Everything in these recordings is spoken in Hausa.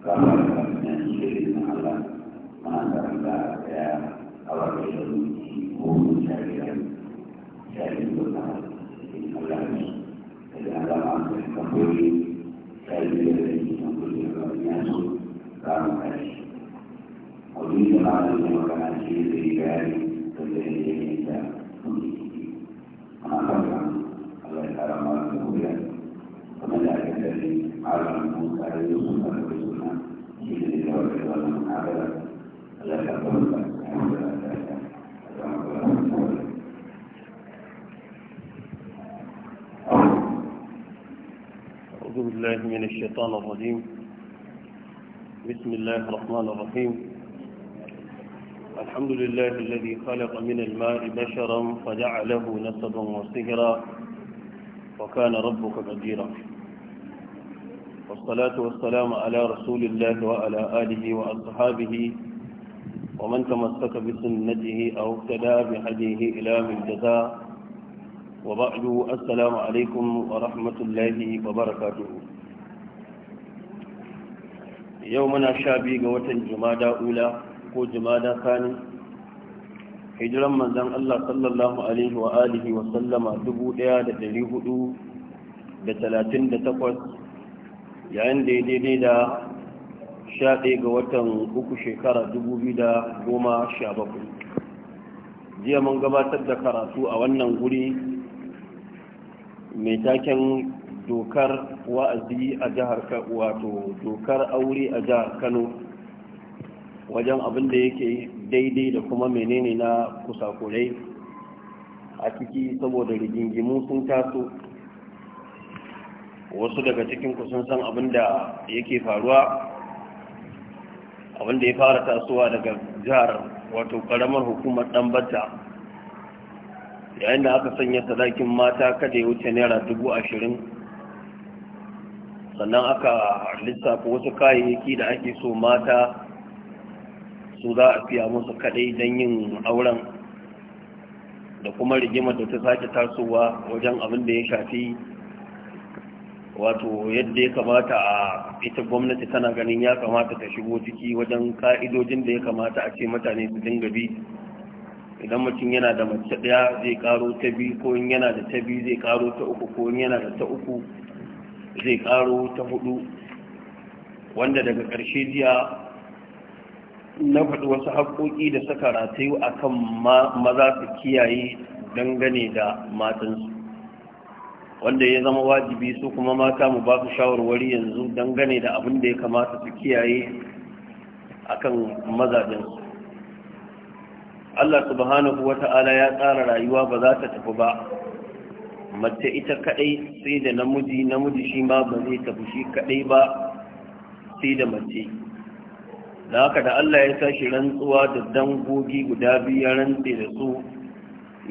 kamar kamar shirin Allah mana karanta ya awal da mutu ko shari shari da da da da da da da da da da da alam mun kare su أعوذ بالله من الشيطان الرجيم بسم الله الرحمن الرحيم الحمد لله الذي خلق من الماء بشرا فجعله نسبا وصهرا وكان ربك قديرا والصلاة والسلام على رسول الله وعلى آله وأصحابه ومن تمسك بسنته أو اهتدى بهديه إلى من جزاء وبعد السلام عليكم ورحمة الله وبركاته يومنا شابي قوة جمادى أولى ko jimada kani hijiran manzan Allah sallallahu alaihi wa alihi wa sallama 1438 yayin da ya daidai da sha ga watan uku shekara dubu biyu da goma sha bakwai jiya mun gabatar da karatu a wannan guri mai taken dokar wa'azi a jihar wato dokar aure a jihar kano wajen abin da yake daidai da kuma menene na kusakurai a ciki saboda rigingimu sun taso wasu daga cikin kusan san abin da yake faruwa abin da ya fara tasowa daga jihar wato karamar hukumar danbata yayin da aka sanya sadakin mata kada ya wuce naira dubu ashirin sannan aka lissafa wasu kayayyaki da ake so mata su za a fiya musu kadai don yin auren da kuma rigimar da ta sake tasowa wajen abin da ya shafi wato yadda ya kamata a ita gwamnati tana ganin ya kamata ta shigo ciki wajen ka'idojin da ya kamata a ce mutane su dinga bi idan mutum yana da mace ɗaya zai karo ta bi ko in yana da ta bi zai karo ta uku ko in yana da ta uku zai karo ta hudu wanda daga ƙarshe jiya na faɗi wasu haƙoƙi da suka ratayu akan maza su kiyaye dangane da matansu wanda ya zama wajibi su kuma mata mu ba su shawarwari yanzu dangane da abin da ya kamata su kiyaye akan mazajensu Allah subhanahu wata'ala ya tsara rayuwa ba za ta tafi ba mace ita kadai sai da namiji namiji shi ma ba zai tafi shi kadai ba sai da mace da haka da Allah ya tashi rantsuwa da dangogi guda biyu ya rantse da su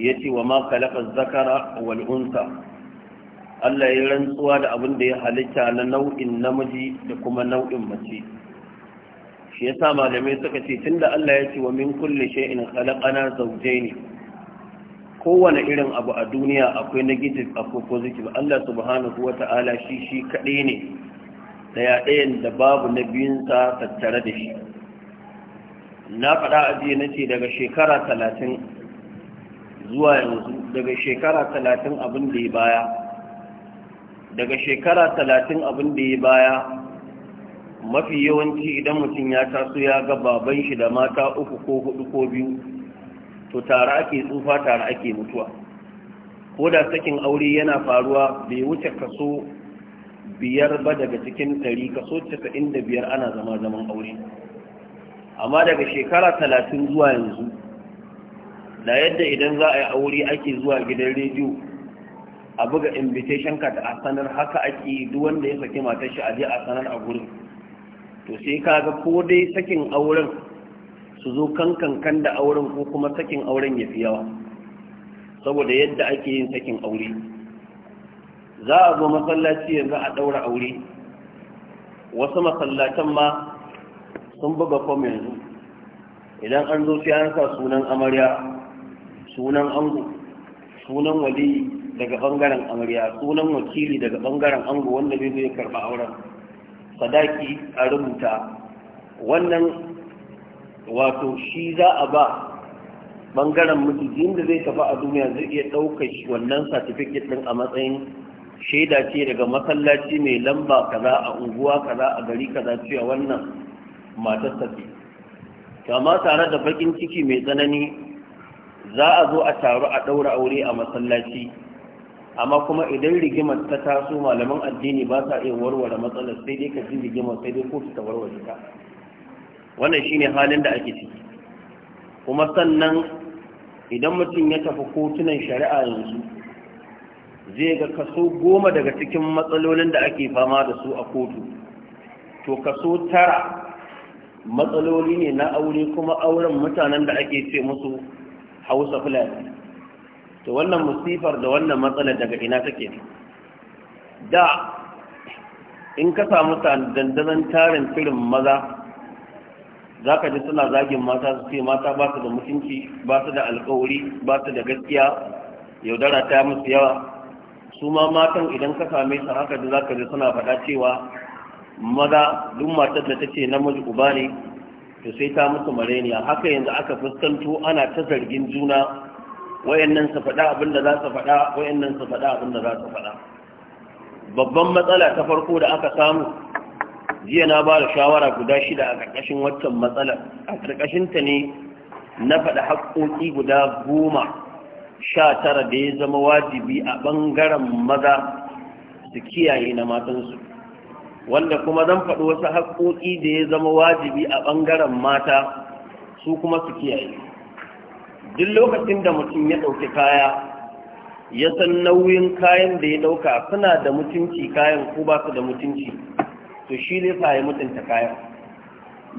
ya ce wa ma kalaka zakara wal unsa Allah ya rantsuwa da abin da ya halitta na nau'in namiji da kuma nau'in mace shi yasa malamai suka ce tunda Allah ya ce wa min kulli shay'in khalaqana zawjayn kowane irin abu a duniya akwai negative akwai positive Allah subhanahu wata'ala shi shi kaɗai ne daya ɗayan da babu na biyunsa tattare da shi na faɗa a jiya na daga shekara talatin zuwa yanzu daga shekara talatin abin da ya baya daga shekara talatin abin da ya baya mafi yawanci idan mutum ya taso ya ga baban shi da mata uku ko hudu ko biyu to tare ake tsufa tare ake mutuwa ko da sakin aure yana faruwa bai wuce kaso biyar ba daga cikin ɗari kaso cikin da biyar ana zama zaman aure amma daga shekara talatin zuwa yanzu da yadda idan za a yi aure ake zuwa gidan rediyo a buga invitation card a sanar haka ake duk wanda ya saki matar shi a je a sanar a gurin to sai ka ga ko dai sakin auren su zo kankan da auren ko kuma sakin auren ya fi yawa saboda yadda ake yin sakin aure za a zo masallaci yanzu a daura aure wasu masallatan ma sun buga fom yanzu idan an zo sai an sa sunan amarya sunan ango sunan waliyi daga bangaren amarya sunan wakili daga bangaren ango wanda zai karba auren sadaki a rubuta wannan wato shi za a ba bangaren miji inda zai tafi a duniya zai iya ɗaukar wannan certificate ɗin a matsayin shaida ce daga masallaci mai lamba kaza a unguwa kaza a gari kaza cewa wannan matar tafi amma tare da bakin ciki mai tsanani za a zo a taru a ɗaura aure a masallaci amma kuma idan rigimar ta taso malaman addini ba sa iya warware matsalar sai dai ka ji rigimar sai dai kotu ta warware ta wannan shine halin da ake ciki kuma sannan idan mutum ya tafi kotunan shari'a yanzu zai ga kaso goma daga cikin matsalolin da ake fama da su a kotu to kaso tara matsaloli ne na aure kuma auren mutanen da ake ce musu hausa fulani to wannan musifar da wannan matsalar daga ina take ne da in ka samu dandazon tarin firin maza za ka ji suna zagin mata su ce mata ba su da mutunci ba su da alkawari ba su da gaskiya yaudara ta musu yawa su ma matan idan ka same su haka da za ka ji suna faɗa cewa maza duk matar da ta ce namiji uba ne to sai ta musu mareniya haka yanzu aka fuskanto ana ta zargin juna wayannan su faɗa abin da za su faɗa wayannan su faɗa abin da za su faɗa babban matsala ta farko da aka samu jiya na ba da shawara guda shida a ƙarƙashin wancan matsala a ƙarƙashin ta ne na faɗa haƙƙoƙi guda goma sha tara da ya zama wajibi a ɓangaren maza su kiyaye na matansu wanda kuma zan faɗi wasu haƙoƙi da ya zama wajibi a ɓangaren mata su kuma su kiyaye duk lokacin da mutum ya ɗauki kaya ya san nauyin kayan da ya ɗauka suna da mutunci kayan ko ba su da mutunci to shi ne sa ya mutunta kayan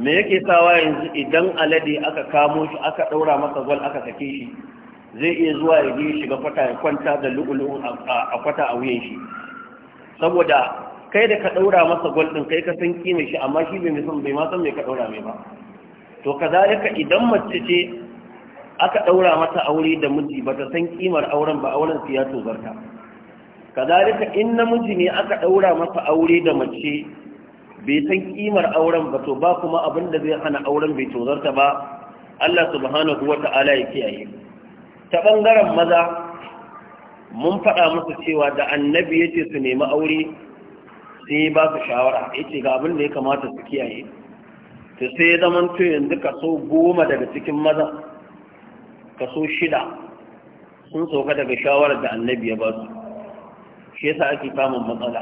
me yake sawa yanzu idan alade aka kamo shi aka ɗaura masa gwal aka sake shi zai iya zuwa ya je shiga kwata ya kwanta da lu'ulu'un a kwata a wuyan shi saboda kai da ka ɗaura masa gwal ɗin kai ka san kime shi amma shi bai san bai ma san me ka ɗaura mai ba to ka idan mace ce aka ɗaura mata aure da miji ba ta san kimar auren ba auren su ya tozarta kazalika in namiji ne aka ɗaura masa aure da mace bai san kimar auren ba to ba kuma abin da zai hana auren bai tozarta ba Allah subhanahu wa ta'ala ya kiyaye ta bangaren maza mun faɗa musu cewa da annabi ya ce su nemi aure sai ba su shawara yace ga abin da ya kamata su kiyaye Su sai zaman to yanzu kaso goma daga cikin maza kaso shida sun sauka daga shawarar da annabi ya ba su shi yasa ake samun matsala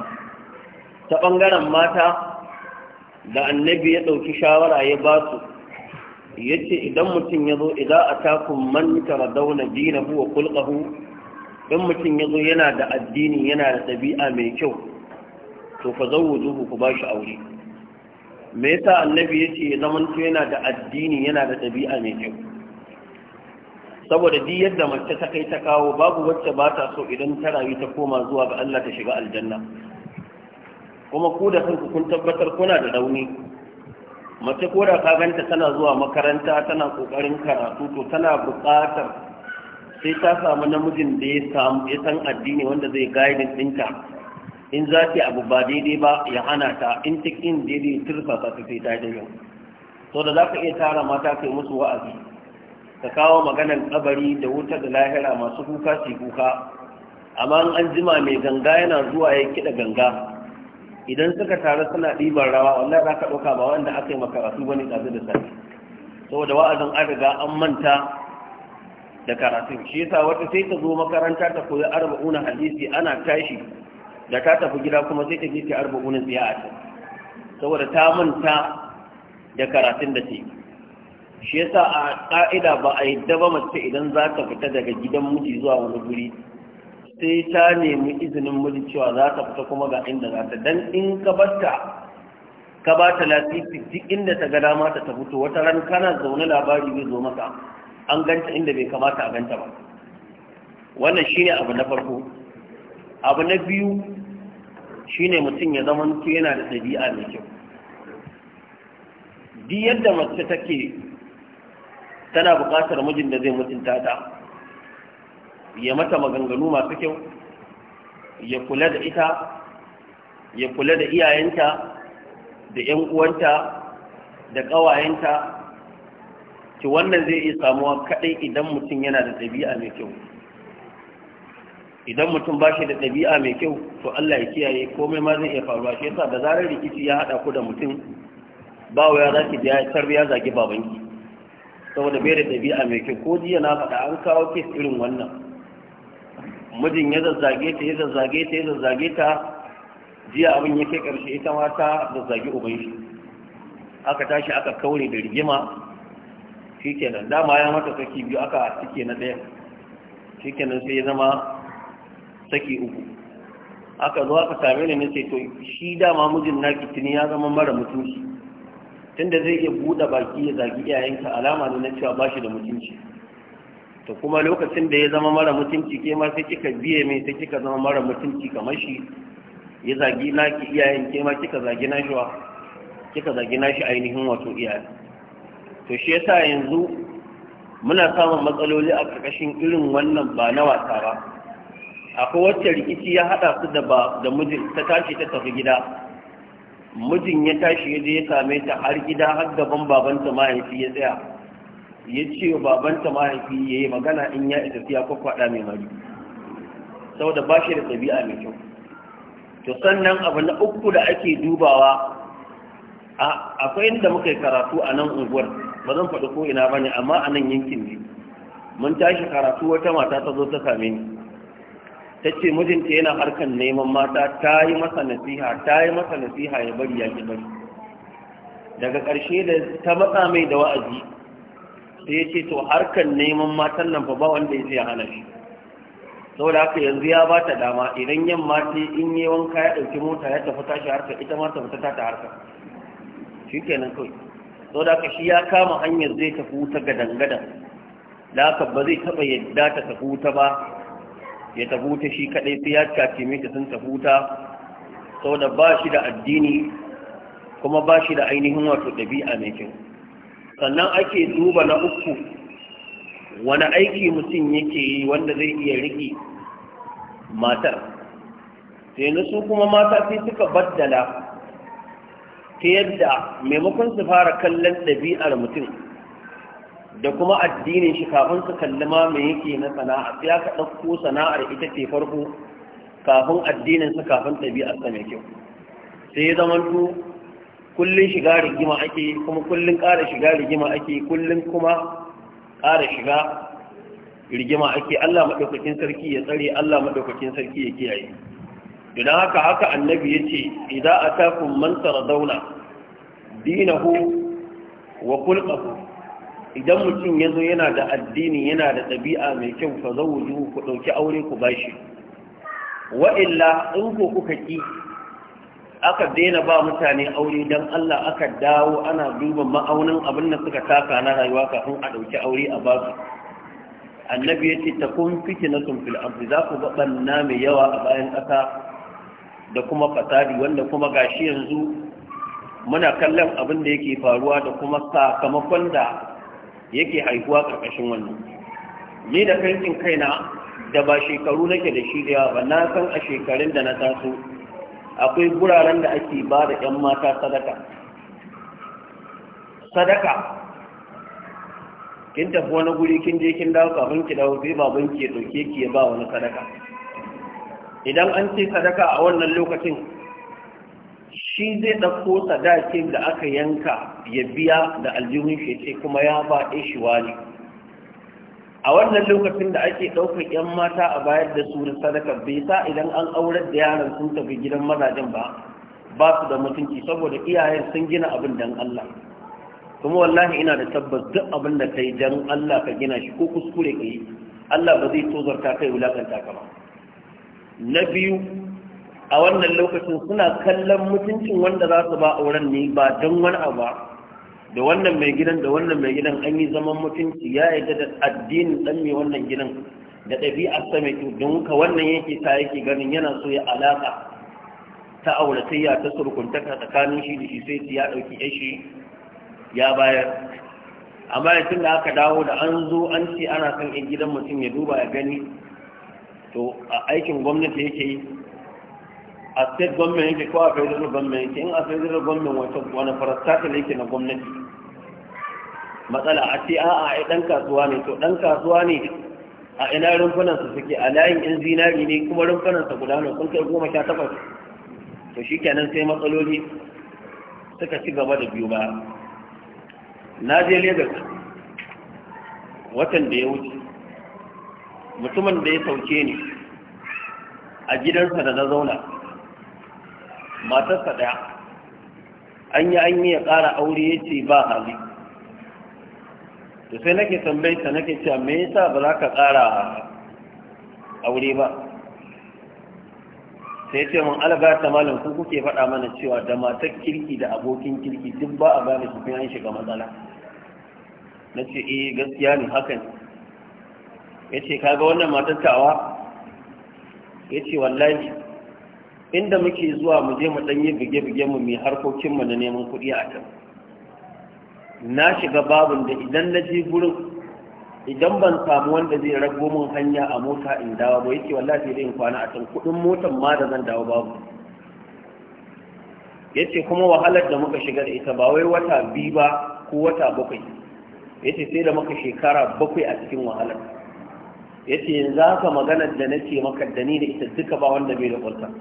ta ɓangaren mata da annabi ya ɗauki shawara ya ba su ya ce idan mutum ya zo idan a takun man dauna dinahu wa kulƙahu in mutum ya zo yana da addini yana da ɗabi'a mai kyau to fa zan ku ba shi aure me yasa annabi ya ce ya zamanto yana da addini yana da ɗabi'a mai kyau saboda duk yadda mace ta kai ta kawo babu wacce ba ta so idan ta rayu ta koma zuwa ga Allah ta shiga aljanna kuma ku da kanku kun tabbatar kuna da rauni mace ko da ka ganta tana zuwa makaranta tana kokarin karatu to tana buƙatar sai ta samu namijin da ya samu ya san addini wanda zai guidance dinta in za ta abu ba daidai ba ya hana ta in cikin daidai turfa ta sai ta daidai so da za ka iya tara mata ka yi musu wa'azi ka kawo maganan kabari da wuta da lahira masu kuka su kuka amma an jima mai ganga yana zuwa ya kiɗa ganga idan suka taru suna ɗiban rawa wannan za ka ɗauka ba wanda aka yi makaratu wani ɗazu da safe saboda wa'azin an riga an manta da karatun shi yasa wata sai ta zo makaranta ta koyi arba'una hadisi ana tashi da ta tafi gida kuma sai ta je ta arba'una tsiya a can saboda ta manta da karatun da take shi yasa a ƙa'ida ba a yadda ba mace idan za ta fita daga gidan miji zuwa wani guri sai ta nemi izinin miji cewa za ta fita kuma ga inda za ta dan in ka bata ka ba ta lafifi duk inda ta ga dama ta fito wata ran kana zaune labari zai zo maka an ganta inda bai kamata a ganta ba wannan shine abu na farko abu na biyu shine mutum ya zama yana da ɗabi'a mai kyau duk yadda mace take tana buƙatar mijin da zai mutunta ta ya mata maganganu masu kyau ya kula da ita ya kula da iyayenta da 'yan uwanta da ƙawayenta ki wannan zai iya samuwa kaɗai idan mutum yana da ɗabi'a mai kyau idan mutum ba shi da ɗabi'a mai kyau to Allah ya kiyaye komai ma zai iya faruwa shi yasa da zarar rikici ya haɗa ku da mutum ba waya ya zaki da ya tarbiya zagi babanki saboda bai da ɗabi'a mai kyau ko jiya na faɗa an kawo ke irin wannan mijin ya zazzage ta ya zazzage ta ya zazzage ta jiya abin ya kai ƙarshe ita ma ta zazzage uban shi aka tashi aka kaure da rigima kenan dama ya mata saki biyu aka cike na ɗaya kenan sai ya zama saki uku aka zo aka same ni nace to shi dama mijin naki tuni ya zama mara mutunci tunda zai iya buɗe baki ya zagi iyayenka alama ne na cewa bashi da mutunci to kuma lokacin da ya zama mara mutunci ke ma sai kika biye mai sai kika zama mara mutunci kamar shi ya zagi naki iyayen ke ma kika zagi nashi wa kika zagi nashi ainihin wato iyaye. to shi yasa yanzu muna samun matsaloli a ƙarƙashin irin wannan ba na wasa ba akwai wacce rikici ya haɗa su da ba da mijin ta tashi ta tafi gida mijin ya tashi ya je ya same ta har gida har gaban babanta mahaifi ya tsaya ya ce wa babanta mahaifi ya yi magana in ya isa ko kwakwada mai mari saboda ba shi da ɗabi'a mai kyau to sannan abu na uku da ake dubawa akwai inda muka yi karatu a nan unguwar ba zan faɗi ko ina ba ne amma a nan yankin ne mun tashi karatu wata mata ta zo ta same ni ta ce mijinta yana harkan neman mata ta yi masa nasiha ta yi masa nasiha ya bari ya ki bari daga ƙarshe da ta matsa mai da wa'azi sai ya ce to harkan neman matan nan fa ba wanda ya zai hana shi da haka yanzu ya ba ta dama idan yamma ce in yi wanka ya ɗauki mota ya tafi tashi harka ita ma ta fita ta harka shi kenan kawai da haka shi ya kama hanyar zai tafi wuta gadan gadan da haka ba zai taɓa yadda ta tafi wuta ba ya tafi shi kaɗai sai ya cace ta sun tafi wuta saboda ba shi da addini kuma ba shi da ainihin wato ɗabi'a mai kyau sannan ake duba na uku wani aiki mutum yake yi wanda zai iya riƙe matar sai na su kuma mata sai suka baddala ta yadda maimakon su fara kallon ɗabi'ar mutum da kuma addinin shi kafin su kalli ma me yake na sana'a sai aka ɗauko sana'ar ita ce farko kafin addinin su kafin ɗabi'ar sa mai kyau sai ya zamanto kullun shiga rigima ake kuma kullun ƙara shiga rigima ake kullun kuma ƙara shiga rigima ake Allah madaukakin sarki ya tsare Allah madaukakin sarki ya kiyaye idan haka haka annabi yace idza atakum man taradawna dinahu wa kulqahu idan mutum ya zo yana da addini yana da ɗabi'a mai kyau fa zawuju ku ɗauki aure ku bashi wa'illa in ko kuka ƙi aka daina ba mutane aure don Allah aka dawo ana duba ma'aunin abin da suka taka na rayuwa kafin a ɗauki aure a basu annabi ya ce takun fitinatun fil ardi za ku ga banna mai yawa a bayan ƙasa da kuma fasadi wanda kuma gashi yanzu muna kallon abin da yake faruwa da kuma sakamakon da yake haihuwa ƙarƙashin wannan ni da kankin kaina da ba shekaru nake da shi da ba na san a shekarun da na taso akwai guraren da ake ba da 'yan mata sadaka sadaka kin tafi wani guri kin je kin dawo kafin ki dawo sai baban ke dauke ki ba wani sadaka idan an ce sadaka a wannan lokacin shi zai ɗauko sadakin da aka yanka ya biya da aljihun shi ce kuma ya ba shi wani a wannan lokacin da ake ɗaukar 'yan mata a bayar da su da sadaka bai sa idan an aurar da yaran sun tafi gidan mazajen ba ba su da mutunci saboda iyayen sun gina abin dan Allah kuma wallahi ina da tabbas duk abin da kai dan Allah ka gina shi ko kuskure ka yi Allah ba zai tozarta kai wulakanta ka ba na biyu a wannan lokacin suna kallon mutuncin wanda za su ba auren ne ba don wani abu da wannan mai gidan da wannan mai gidan an yi zaman mutunci ya yarda da addinin dan mai wannan gidan da ɗabi'ar sa mai don ka wannan yake ta yake ganin yana so ya alaka ta auratayya ta surkuntaka tsakanin shi da shi sai ya ɗauki yashi ya bayar amma tun da aka dawo da an zo an ce ana kan in gidan mutum ya duba ya gani to a aikin gwamnati yake yi a state gwamnan yake ko a federal government yake in a federal gwamnan wata wani farastatal yake na gwamnati matsala a ce a'a ai dan kasuwa ne to dan kasuwa ne a ina su suke a layin in zinari ne kuma rumfunansa guda ne kun kai goma sha takwas to shi kenan sai matsaloli suka ci gaba da biyu ba na je lagos watan da ya wuce mutumin da ya sauke ni a gidansa da na zauna matarsa ɗaya an yi an yi ya ƙara aure ya ce ba hali to sai nake tambayi ta nake cewa me yasa ba za ka ƙara aure ba sai ce mun alaga ta malam ku kuke faɗa mana cewa da matar kirki da abokin kirki duk ba a gane su an shiga matsala na ce eh gaskiya ne hakan ya ce kaga wannan matar tawa ya ce wallahi inda muke zuwa mu je mu ɗanyi buge-buge mu mai harkokinmu na neman kuɗi a can na shiga babin da idan na je gurin idan ban samu wanda zai rago min hanya a mota in dawo ba yake wallahi zai yi kwana a can kuɗin motan ma da zan dawo babu yace kuma wahalar da muka shiga da ita ba wai wata biyu ba ko wata bakwai yace sai da muka shekara bakwai a cikin wahalar yace yanzu haka maganar da nake maka da ni da ita duka ba wanda bai da kwalta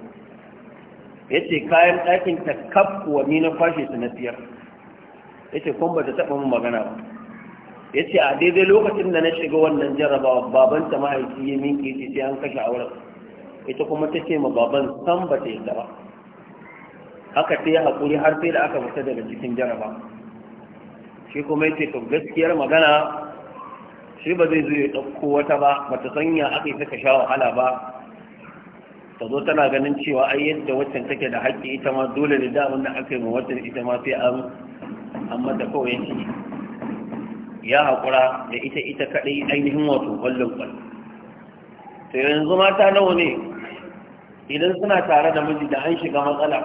ya ce kayan ɗakin ta kaf ni na kwashe su na siyar ya ce kuma ta taɓa mun magana ba ya ce a daidai lokacin da na shiga wannan jarrabawa baban ta mahaifi ya minke ce sai an kashe aure. ita kuma ta ce ma baban san ba ta yadda ba haka ta yi haƙuri har sai da aka fita daga cikin jarraba shi kuma ya ce to gaskiyar magana shi ba zai zo ya ɗauko wata ba ba ta sanya aka yi saka sha wahala ba ta zo tana ganin cewa ai yadda waccan take da haƙƙi ita ma dole ne da wanda aka yi ma ita ma sai an amma da kawai yanki ya haƙura da ita ita kaɗai ainihin wato ƙwallon ƙwal to yanzu mata nawa ne idan suna tare da miji da an shiga matsala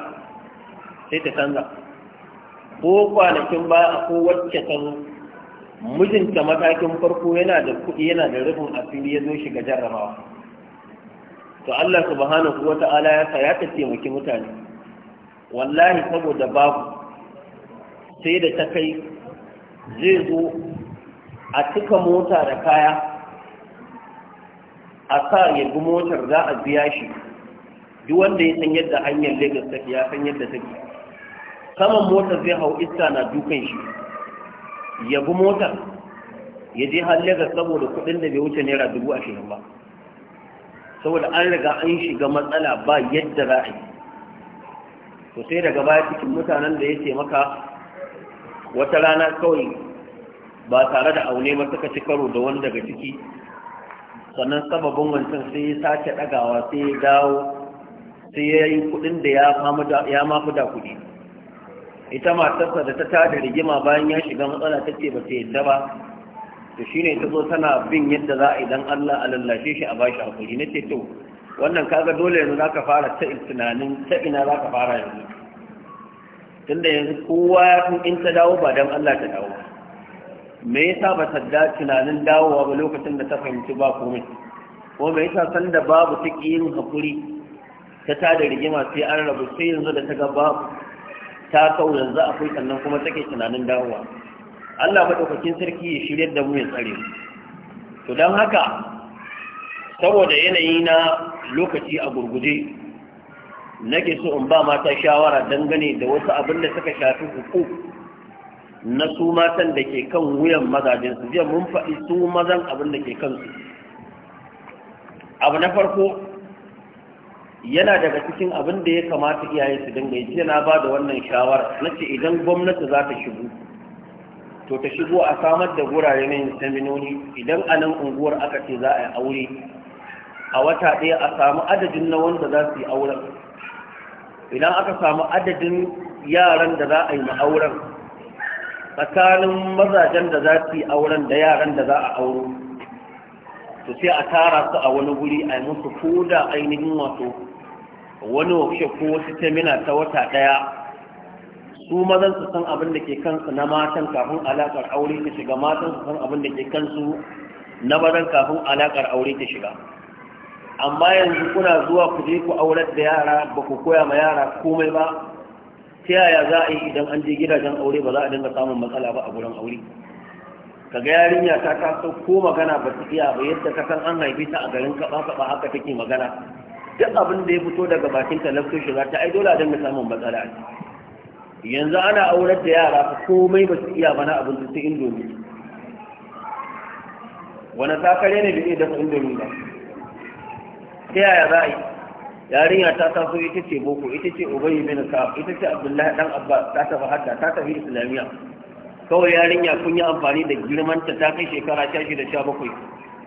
sai ta canza ko kwanakin ba ko wacce ta mijinta matakin farko yana da kuɗi yana da rufin asiri ya zo shiga jarrabawa to Allah subhanahu wa ta'ala ya sa ya taimaki mutane wallahi saboda babu sai da ta kai zai zo a cika mota da kaya a sa ya bi motar za a biya shi duk wanda ya san yadda hanyar Lagos take ya san yadda take saman motar zai hau iska na dukan shi ya bi motar ya je har Lagos saboda kuɗin da bai wuce naira dubu ashirin ba saboda an riga an shiga matsala ba yadda za a yi to sai daga baya cikin mutanen da ya taimaka wata rana kawai ba tare da aune ba suka ci karo da wani daga ciki sannan sababin wancan sai ya sake dagawa, sai ya dawo sai ya yi kuɗin da ya mafi da kuɗi ita matarsa da ta tada rigima bayan ya shiga matsala ta ce ba ta yadda ba to shine ta zo tana bin yadda za a idan Allah a lallashe shi a bashi hakuri nace to wannan kaga dole yanzu zaka fara ta tunanin ta ina zaka fara yanzu tunda yanzu kowa ya in ta dawo ba dan Allah ta dawo me yasa ba ta da tunanin dawowa ba lokacin da ta fahimci ba komai ko me yasa san da babu ƙi yin hakuri ta tada rigima sai an rabu sai yanzu da ta ga babu ta kau yanzu akwai sannan kuma take tunanin dawowa Allah madaukakin sarki ya shirya da mu ya tsare to dan haka saboda yanayi na lokaci a gurguje nake so in ba mata shawara dangane da wasu abin da suka shafi hukuk na su matan da ke kan wuyan mazajen su jiya mun faɗi su mazan abin da ke kansu abu na farko yana daga cikin abin da ya kamata iyaye su dangane yi na ba da wannan shawara na ce idan gwamnati za ta shigo to ta shigo a samar da gurare na yin seminoni idan a nan unguwar aka ce za a yi aure a wata ɗaya a samu adadin na wanda za su yi auren idan aka samu adadin yaran da za a yi ma'auren tsakanin mazajen da za su yi auren da yaran da za a auro to sai a tara su a wani guri a yi musu ko da ainihin wato wani wakishe ko wasu ta wata ɗaya su mazan su san abin da ke kansu na matan kafin alaƙar aure ta shiga matan su san abin da ke kansu na mazan kafin alaƙar aure ta shiga amma yanzu kuna zuwa ku je ku aurar da yara ba ku koya ma yara komai ba ta yaya za a yi idan an je gidajen aure ba za a dinga samun matsala ba a gurin aure ka ga yarinya ta taso ko magana ba ta iya ba yadda ka san an haife ta a garin kaba ba haka take magana duk abin da ya fito daga bakin ta lafto ta ai dole a dinga samun matsala yanzu ana aurar da yara fa komai ba su iya bana abinci su indomi wani takare ne da iya dafa indomi ba ta yaya za a yi yarinya ta taso ita ce boko ita ce ubayi bin ka ita ce abdullahi dan abba ta tafi hadda ta tafi islamiyya kawai yarinya kun yi amfani da girmanta ta kai shekara sha da sha bakwai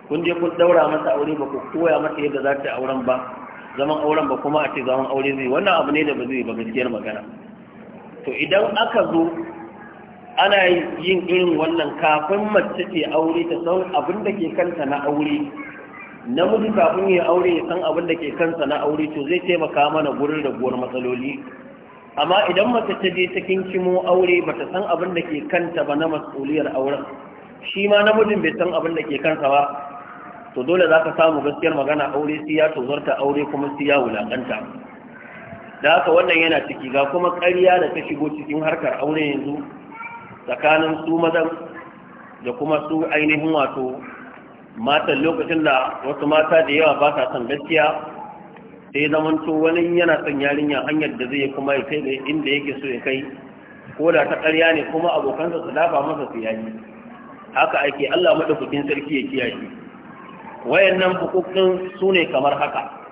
kun je kun daura masa aure ba ku koya mata yadda za ta auren ba zaman auren ba kuma a ce zaman aure zai wannan abu ne da ba zai ba gaskiyar magana to idan aka zo ana yin irin wannan kafin mace ce aure ta san abin da ke kanta na aure namiji kafin ya aure ya san abin da ke kansa na aure to zai taimaka mana gurin raguwar matsaloli amma idan mace ta je cikin kinkimo aure ba ta san abin da ke kanta ba na mas'uliyar auren shi ma namijin bai san abin da ke kansa ba to dole za ka samu gaskiyar magana aure sai ya tozarta aure kuma sai ya wulakanta da haka wannan yana ciki ga kuma ƙariya da ta shigo cikin harkar aure yanzu tsakanin su mazan da kuma su ainihin wato matan lokacin da wasu mata da yawa ba sa son gaskiya sai zamanto wani yana son yarinya hanyar da zai kuma ya kai inda yake so ya kai ko da ta ƙarya ne kuma abokansa su dafa masa su yayi haka ake Allah madaukakin sarki ya kiyaye wayannan bukukun su ne kamar haka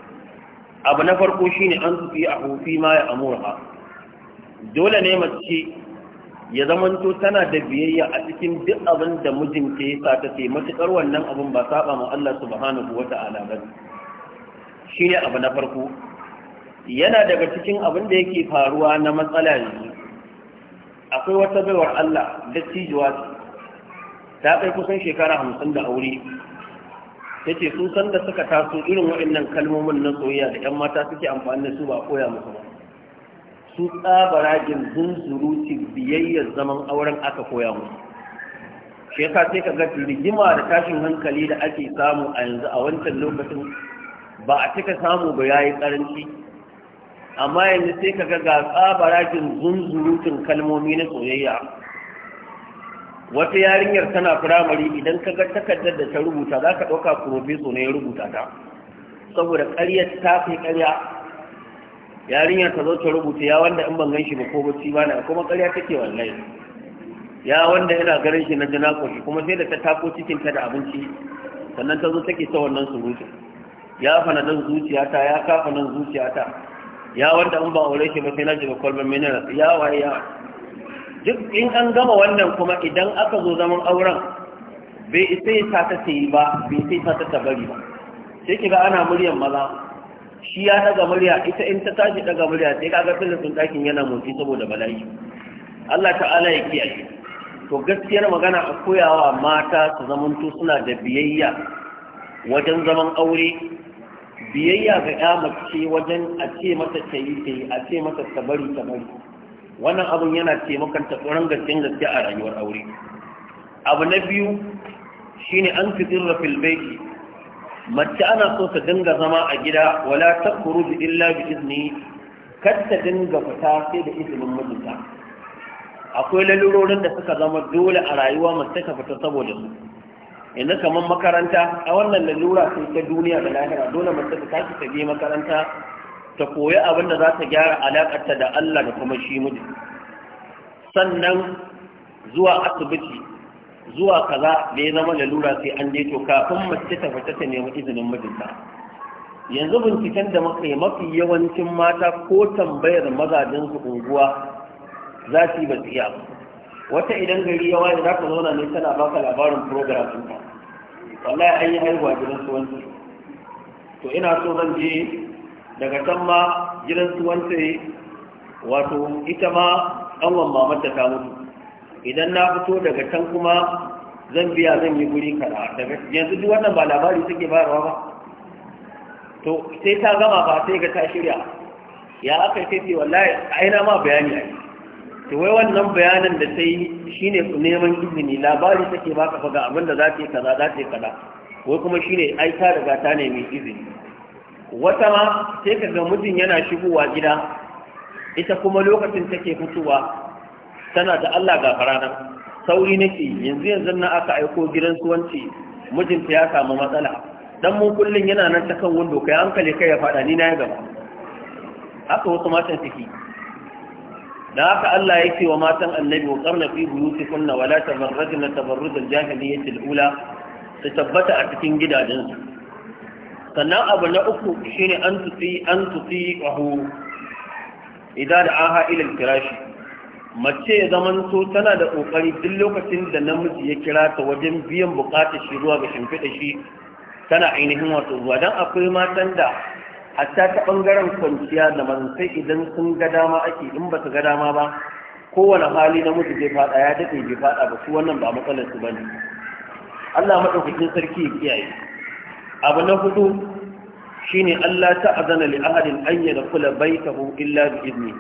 abu na farko shine an tufi a hufi ma ya amurha dole ne mace ya zamanto tana da biyayya a cikin duk abin da mijinta ya sa ta ce matuƙar wannan abin ba saba ma Allah subhanahu wa ta'ala ba shine abu na farko yana daga cikin abin da yake faruwa na matsala ne akwai wata baiwar Allah da cijuwa ta kai kusan shekara hamsin da aure yace su san da suka taso irin waɗannan kalmomin na soyayya da 'yan mata suke amfani da su ba koya musu ba su tsabaragin zunzuruci biyayyar zaman auren aka koya musu shi sai ka ga rigima da tashin hankali da ake samu a yanzu a wancan lokacin ba a cika samu ba ya yayi karanci amma yanzu sai ka ga ga tsabaragin zunzurutun kalmomi na soyayya wata yarinyar tana firamare idan ka ga takardar da ta rubuta za ka ɗauka profeso ne ya rubuta ta saboda ƙaryar ta fi ƙarya yarinyar ta zo ta rubuta ya wanda in ban gan shi ba ko bacci ba na kuma ƙarya take wallahi ya wanda ina ganin shi na jina koshi kuma sai da ta tako cikin ta da abinci sannan ta zo take ta wannan surutu ya fana nan zuciyata ya kafa nan zuciyata ya wanda in ba aure shi ba sai na ji kwalban mineral ya waye ya duk in an gama wannan kuma idan aka zo zaman auren bai isa yi ta ta yi ba bai isa ya ta bari ba sai kiga ana muryar maza shi ya daga murya ita in ta tashi daga murya sai filin sun ɗakin yana motsi saboda bala'i Allah ta'ala ya kiyaye to gaskiyar magana a koyawa mata su zamanto suna da biyayya wajen zaman aure biyayya ga ya mace wajen a ce mata ta yi ta yi a ce mata ta bari ta bari wannan abun yana taimakon ta tsoron gaskiyar gaske a rayuwar aure abu na biyu shine an fitirra fil baiti mace ana so ta dinga zama a gida wala takhruj illa bi izni kar ta dinga fita sai da izinin mijinta akwai lalurorin da suka zama dole a rayuwa mace ta fita saboda su yanzu kamar makaranta a wannan lalura sai ta duniya da lahira dole mace ta tashi ta je makaranta ta koyi abin da za ta gyara alaƙarta da Allah da kuma shi muji sannan zuwa asibiti zuwa kaza da ya zama lura sai an je to kafin mace ta fita ta nemi izinin mijinta yanzu binciken da muka yi mafi yawancin mata ko tambayar mazajen su unguwa za su yi iya wata idan gari ya waye za ka zauna ne tana baka labarin program ɗinka wallahi an yi haihuwa gidan su wani to ina so zan je daga can ma jiran su wance wato ita ma ɗanwan mamata ta mutu idan na fito daga can kuma zan biya zan yi guri kana, daga yanzu duk wannan ba labari suke bayarwa ba to sai ta gama ba sai ga ta shirya ya aka sai ce wallahi aina ma bayani ai to wai wannan bayanin da ta yi shine neman izini labari take baka faga abinda da za ta yi kaza za kaza wai kuma shine ai ta gata ta nemi izini wata ma sai ka ga mutum yana shigowa gida ita kuma lokacin take fitowa tana da Allah ga farana sauri nake yanzu yanzu na aka aiko gidan suwanci mijinta ya samu matsala dan mun kullun yana nan ta kan window kai hankali kai ya fada ni na ya gaba haka wasu matan take da haka Allah yake wa matan annabi wa qarna fi buyutikunna wala tabarrajna tabarruj al-jahiliyyah al-ula tabbata a cikin gidajensu sannan abu na uku shine an tutsi an tutsi ahu idan da aha kira kirashi mace ya zaman so tana da kokari duk lokacin da namiji ya kira ta wajen biyan bukatar shi zuwa ga shimfiɗa shi tana ainihin wato zuwa Don akwai matan da hatta ta bangaren kwanciya da sai idan sun ga dama ake in ba su ga dama ba kowane hali na mutu zai fada ya daɗe bai fada ba su wannan ba matsalarsu su ne. Allah maɗaukacin sarki ya kiyaye abu na hudu ne Allah ta azana li ahadin an ta baytahu illa bi izini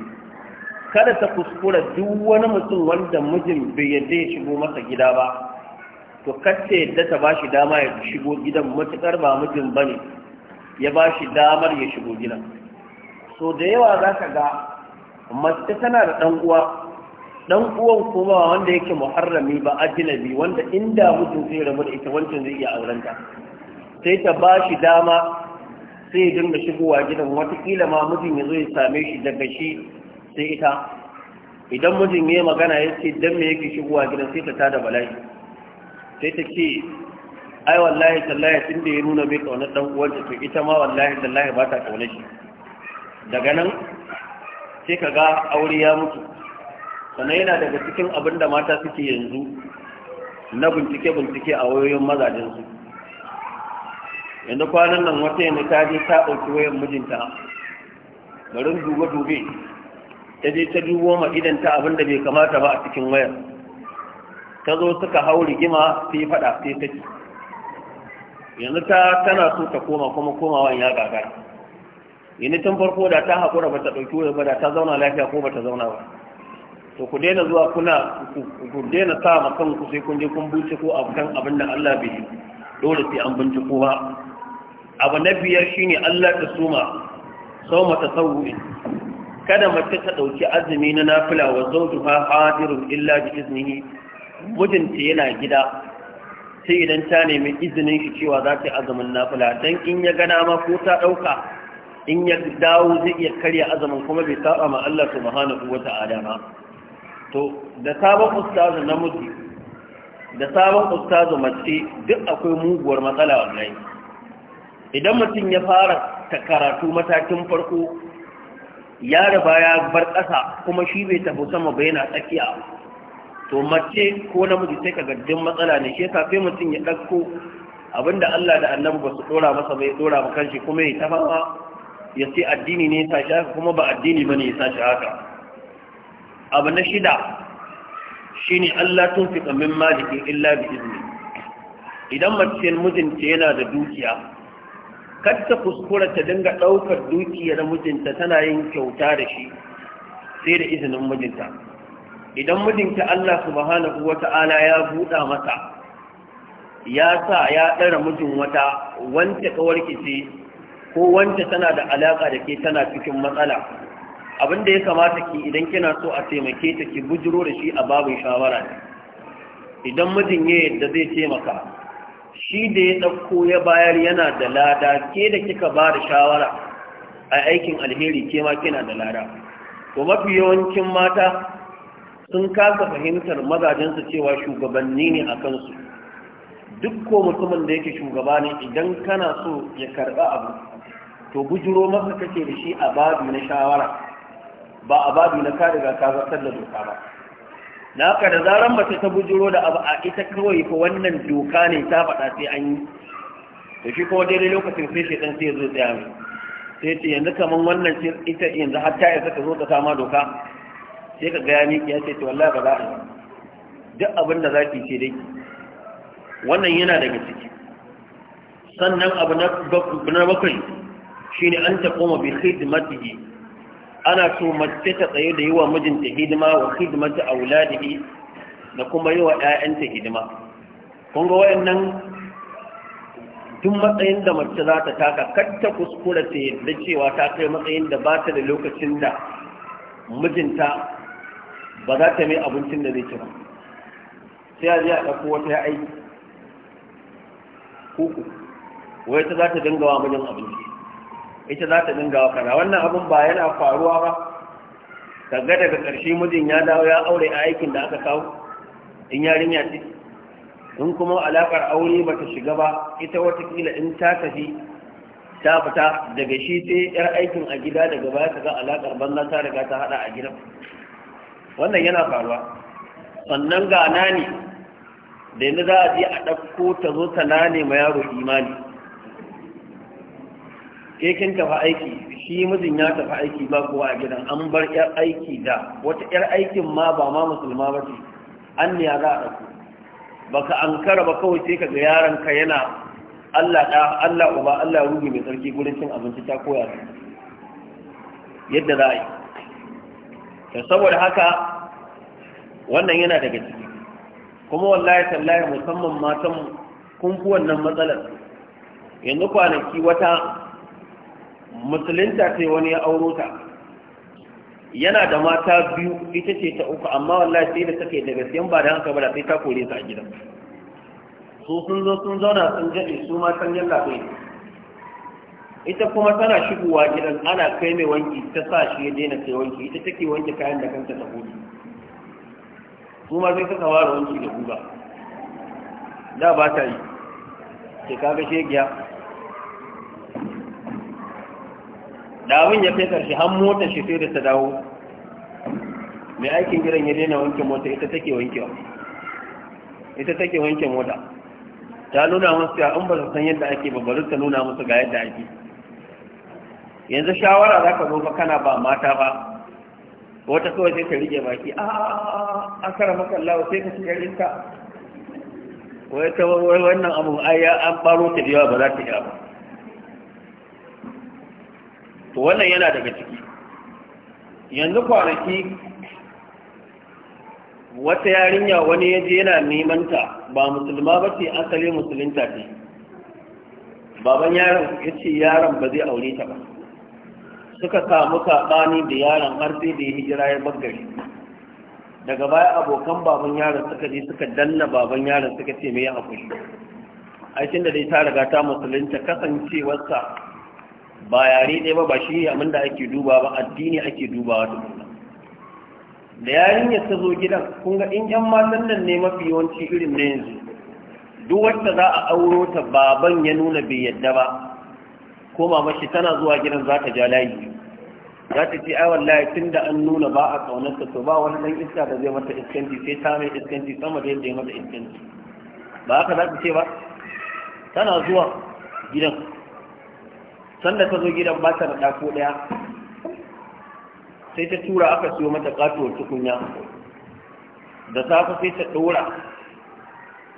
kada ta kuskura duk wani mutum wanda mijin bai yadda ya shigo masa gida ba to kacce yadda ta bashi dama ya shigo gidan matukar ba mijin bane ya bashi damar ya shigo gidan so da yawa za ka ga mace tana da dan uwa dan uwan kuma wanda yake muharrami ba ajnabi wanda inda mutum zai rabu da ita wancan zai iya aurenta sai ta ba shi dama sai yi dinga shigowa gidan watakila ma mijin ya zo ya same shi daga shi sai ita idan mijin ya magana ya ce don me yake shigowa gidan sai ta tada bala'i sai ta ce ai wallahi tallahi tun da ya nuna bai kaunar dan uwanta to ita ma wallahi tallahi ba ta kaunar shi daga nan sai ka ga aure ya mutu sannan yana daga cikin abin da mata suke yanzu na bincike-bincike a wayoyin mazajensu yanzu kwanan nan wata yana ta je ta ɗauki wayan mijinta garin dube-dube ta je ta dubo ma idan ta abin da bai kamata ba a cikin wayar ta zo suka hau rigima sai faɗa sai saki yanzu ta tana so ta koma kuma komawan ya gagara yanzu tun farko da ta haƙura ba ta ɗauki wayar ba da ta zauna lafiya ko ba ta zauna ba to ku daina zuwa kuna ku daina sa ma kanku sai kun je kun buce ko a kan abin da Allah bai yi dole sai an binciko ba abu na biyar shine Allah ta suma sauma tasawwi kada mace ta ɗauki azumi na nafila wa zuwa hadirun illa da iznihi mijinta yana gida sai idan ta nemi izinin shi cewa za ta yi azumin nafila dan in ya gana ma ko ta ɗauka, in ya dawo zai iya karya azumin kuma bai saba ma Allah subhanahu wata'ala ba to da sabon ustazu namiji da sabon ustazu mace duk akwai muguwar matsala wallahi idan mutum ya fara ta karatu matakin farko ya raba ya bar ƙasa kuma shi bai tafi sama ba yana tsakiya to mace ko namiji sai ka gaddin matsala ne shi mutum ya ɗauko abinda Allah da annabi ba su dora masa bai dora ba kanshi kuma ya tafawa ya ce addini ne ya sashi haka kuma ba addini ba ne ya sashi haka abu na shida Shin Allah tun fi min malikin illa bi izini idan matsayin mijinta yana da dukiya kar ta kuskura ta dinga ɗaukar dukiyar mijinta tana yin kyauta da shi sai da izinin mijinta idan mijinta Allah subhanahu wata'ala ya buɗa mata ya sa ya ɗara mijin wata wanda ƙawar kise ko wanda tana da alaƙa da ke tana cikin matsala abin da ya kamata ki idan kina so a taimake ta ki bujiro da shi a babin shawara ne idan mijin ya yadda zai taimaka shi da ya ɗauko ya bayar yana da lada ke da kika ba da shawara a aikin alheri ke ma kina da lada to mafi yawancin mata sun kasa fahimtar mazajensu cewa shugabanni ne a kansu duk ko mutumin da yake shugaba ne idan kana so ya karɓa abu to bujiro masa kake da shi a babu na shawara ba a babu na ka riga ka zartar da doka ba na haka da zaran mace ta bujiro da abu a ita kawai fa wannan doka ne ta faɗa sai an yi da shi kuma daidai lokacin sai shi sai zo tsaya mai sai ce yanzu kamar wannan shi ita yanzu har ta isa ka zo ta sama doka sai ka gaya miki ya ce to wallahi ba za a yi duk abin da za ki ce dai wannan yana daga ciki sannan abu na bakwai shine an koma bi khidmatihi ana so mace ta tsaye da yi wa mijinta hidima wa hidimata wula da kuma yi wa 'ya'yanta hidima kun ga wayannan duk matsayin da mace za ta taka kar ta kuskura ta yadda cewa ta kai matsayin da ba ta da lokacin da mijinta ba za ta mai abincin da zai ci ba sai a zai a ɗauko wata aiki kuku wai ta za ta dinga wa mijin abinci ita za ta dinga wa kaza wannan abin ba yana faruwa ba kaga daga ƙarshe mijin ya dawo ya aure a aikin da aka kawo in yarinya ce in kuma alaƙar aure ba ta shiga ba ita watakila in ta tafi ta fita daga shi sai yar aikin a gida daga baya ta ga alaƙar banza ta riga ta haɗa a gidan wannan yana faruwa sannan ga nani da yanzu za a je a ɗauko ta zo ta nane ma yaro imani ke kin tafi aiki shi mijin ya tafi aiki ba kowa a gidan an bar yar aiki da wata yar aikin ma ba ma musulma ba ce an ne ya za a ɗauko baka ankara ba kawai sai kaga yaron ka yana Allah da Allah uba Allah ruhi mai sarki gurin cin abinci ta koya yadda za a yi to saboda haka wannan yana daga ciki kuma wallahi tallahi musamman matan kun fi wannan matsalar yanzu kwanaki wata musulunta sai wani ya auro ta yana da mata biyu ita ce ta uku amma wallahi sai da take daga gaskiyan ba da hanka ba da sai ta kore su a gidan su sun zo sun zauna sun jade su ma san yalla bai ita kuma tana shigowa gidan ana kai mai wanki ta sa shi ya daina kai wanki ita take wanki kayan da kanta ta hudu su ma sai suka ware wanki da guga da ba ta yi ke kaga shegiya da abin ya kai karshe har motar shi sai da ta dawo mai aikin giran ya daina wanke mota ita take wanke ita take wanke mota ta nuna musu ya an ba su san yadda ake babbarin ta nuna musu ga yadda ake yanzu shawara za ka zo ba kana ba mata ba wata kawai sai ta rige baki a a kara makallawa sai ka shiga iska wai ta wannan abu ai an baro ta da yawa ba za ta iya ba to wannan yana daga ciki yanzu kwanaki wata yarinya wani ya je yana neman ta ba musulma ba ce asali musulunta ce baban yaron ya ce yaron ba zai aure ta ba suka samu saɓani da yaron har sai da ya hijira ya bangare. daga baya abokan baban yaron suka je suka danna baban yaron suka ce mai hakuri aikin da dai ta riga ta musulunta kasancewarsa ba yare ne ba ba shi abin da ake duba ba addini ake dubawa tukuna da yarinyar ta zo gidan kun ga in yan matan nan ne mafi yawanci irin na yanzu duk wacce za a auro ta baban ya nuna bai yadda ba ko shi tana zuwa gidan za ta ja layi za ta ce ai wallahi tun da an nuna ba a kaunarta to ba wani dan iska da zai mata iskanci sai ta mai iskanci sama da yadda ya mata iskanci ba haka za ta ce ba tana zuwa gidan sanda ta zo gidan ba ta da ɗako ɗaya sai ta tura aka siyo mata katuwar tukunya da safe sai ta ɗora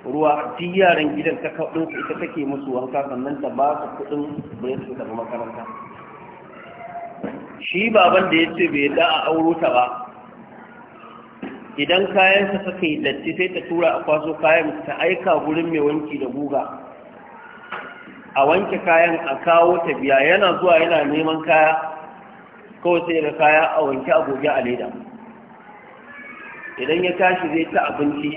ruwa duk yaran gidan ta kaɗo ita take musu wanka sannan ta ba su kuɗin bai su tafi makaranta shi baban da ya ce bai da a auro ta ba idan kayansa suka yi datti sai ta tura a kwaso kayan ta aika gurin mai wanki da guga a wanke kayan a kawo ta yana zuwa yana neman kaya kawai sai ga kaya a wanke a goge a leda idan ya tashi zai ta abinci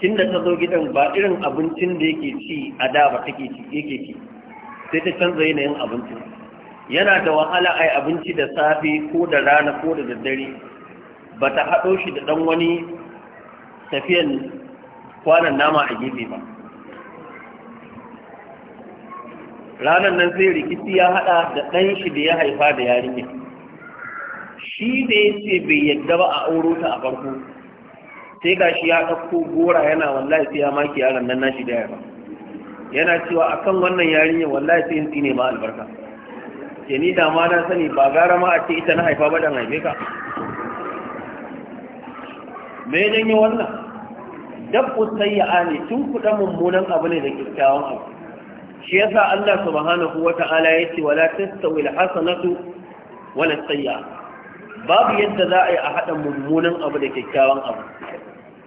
tun da ta zo gidan ba irin abincin da yake ci a da ba take ci yake ci sai ta canza yanayin abinci. yana da wahala a abinci da safe ko da rana ko da daddare ba ta haɗo shi da ɗan wani tafiyan kwanan nama a gefe ba ranar nan zai rikici ya haɗa da ɗan shi da ya haifa da yarinya shi da ya ce bai yadda ba a auro ta a farko sai ga shi ya ɗauko gora yana wallahi sai ya maki yaron nan nashi da yaba yana cewa akan wannan yarinya wallahi sai yin tsine ma albarka ke ni dama na sani ba gara ma a ce ita na haifa ba dan haife ka me ya yi wannan dabbu ne tun kuɗa mummunan abu ne da kyakkyawan abu shi yasa Allah subhanahu wata'ala yace wala tastawi alhasanatu wala sayyi'a babu yadda za a yi a hada mummunan abu da kyakkyawan abu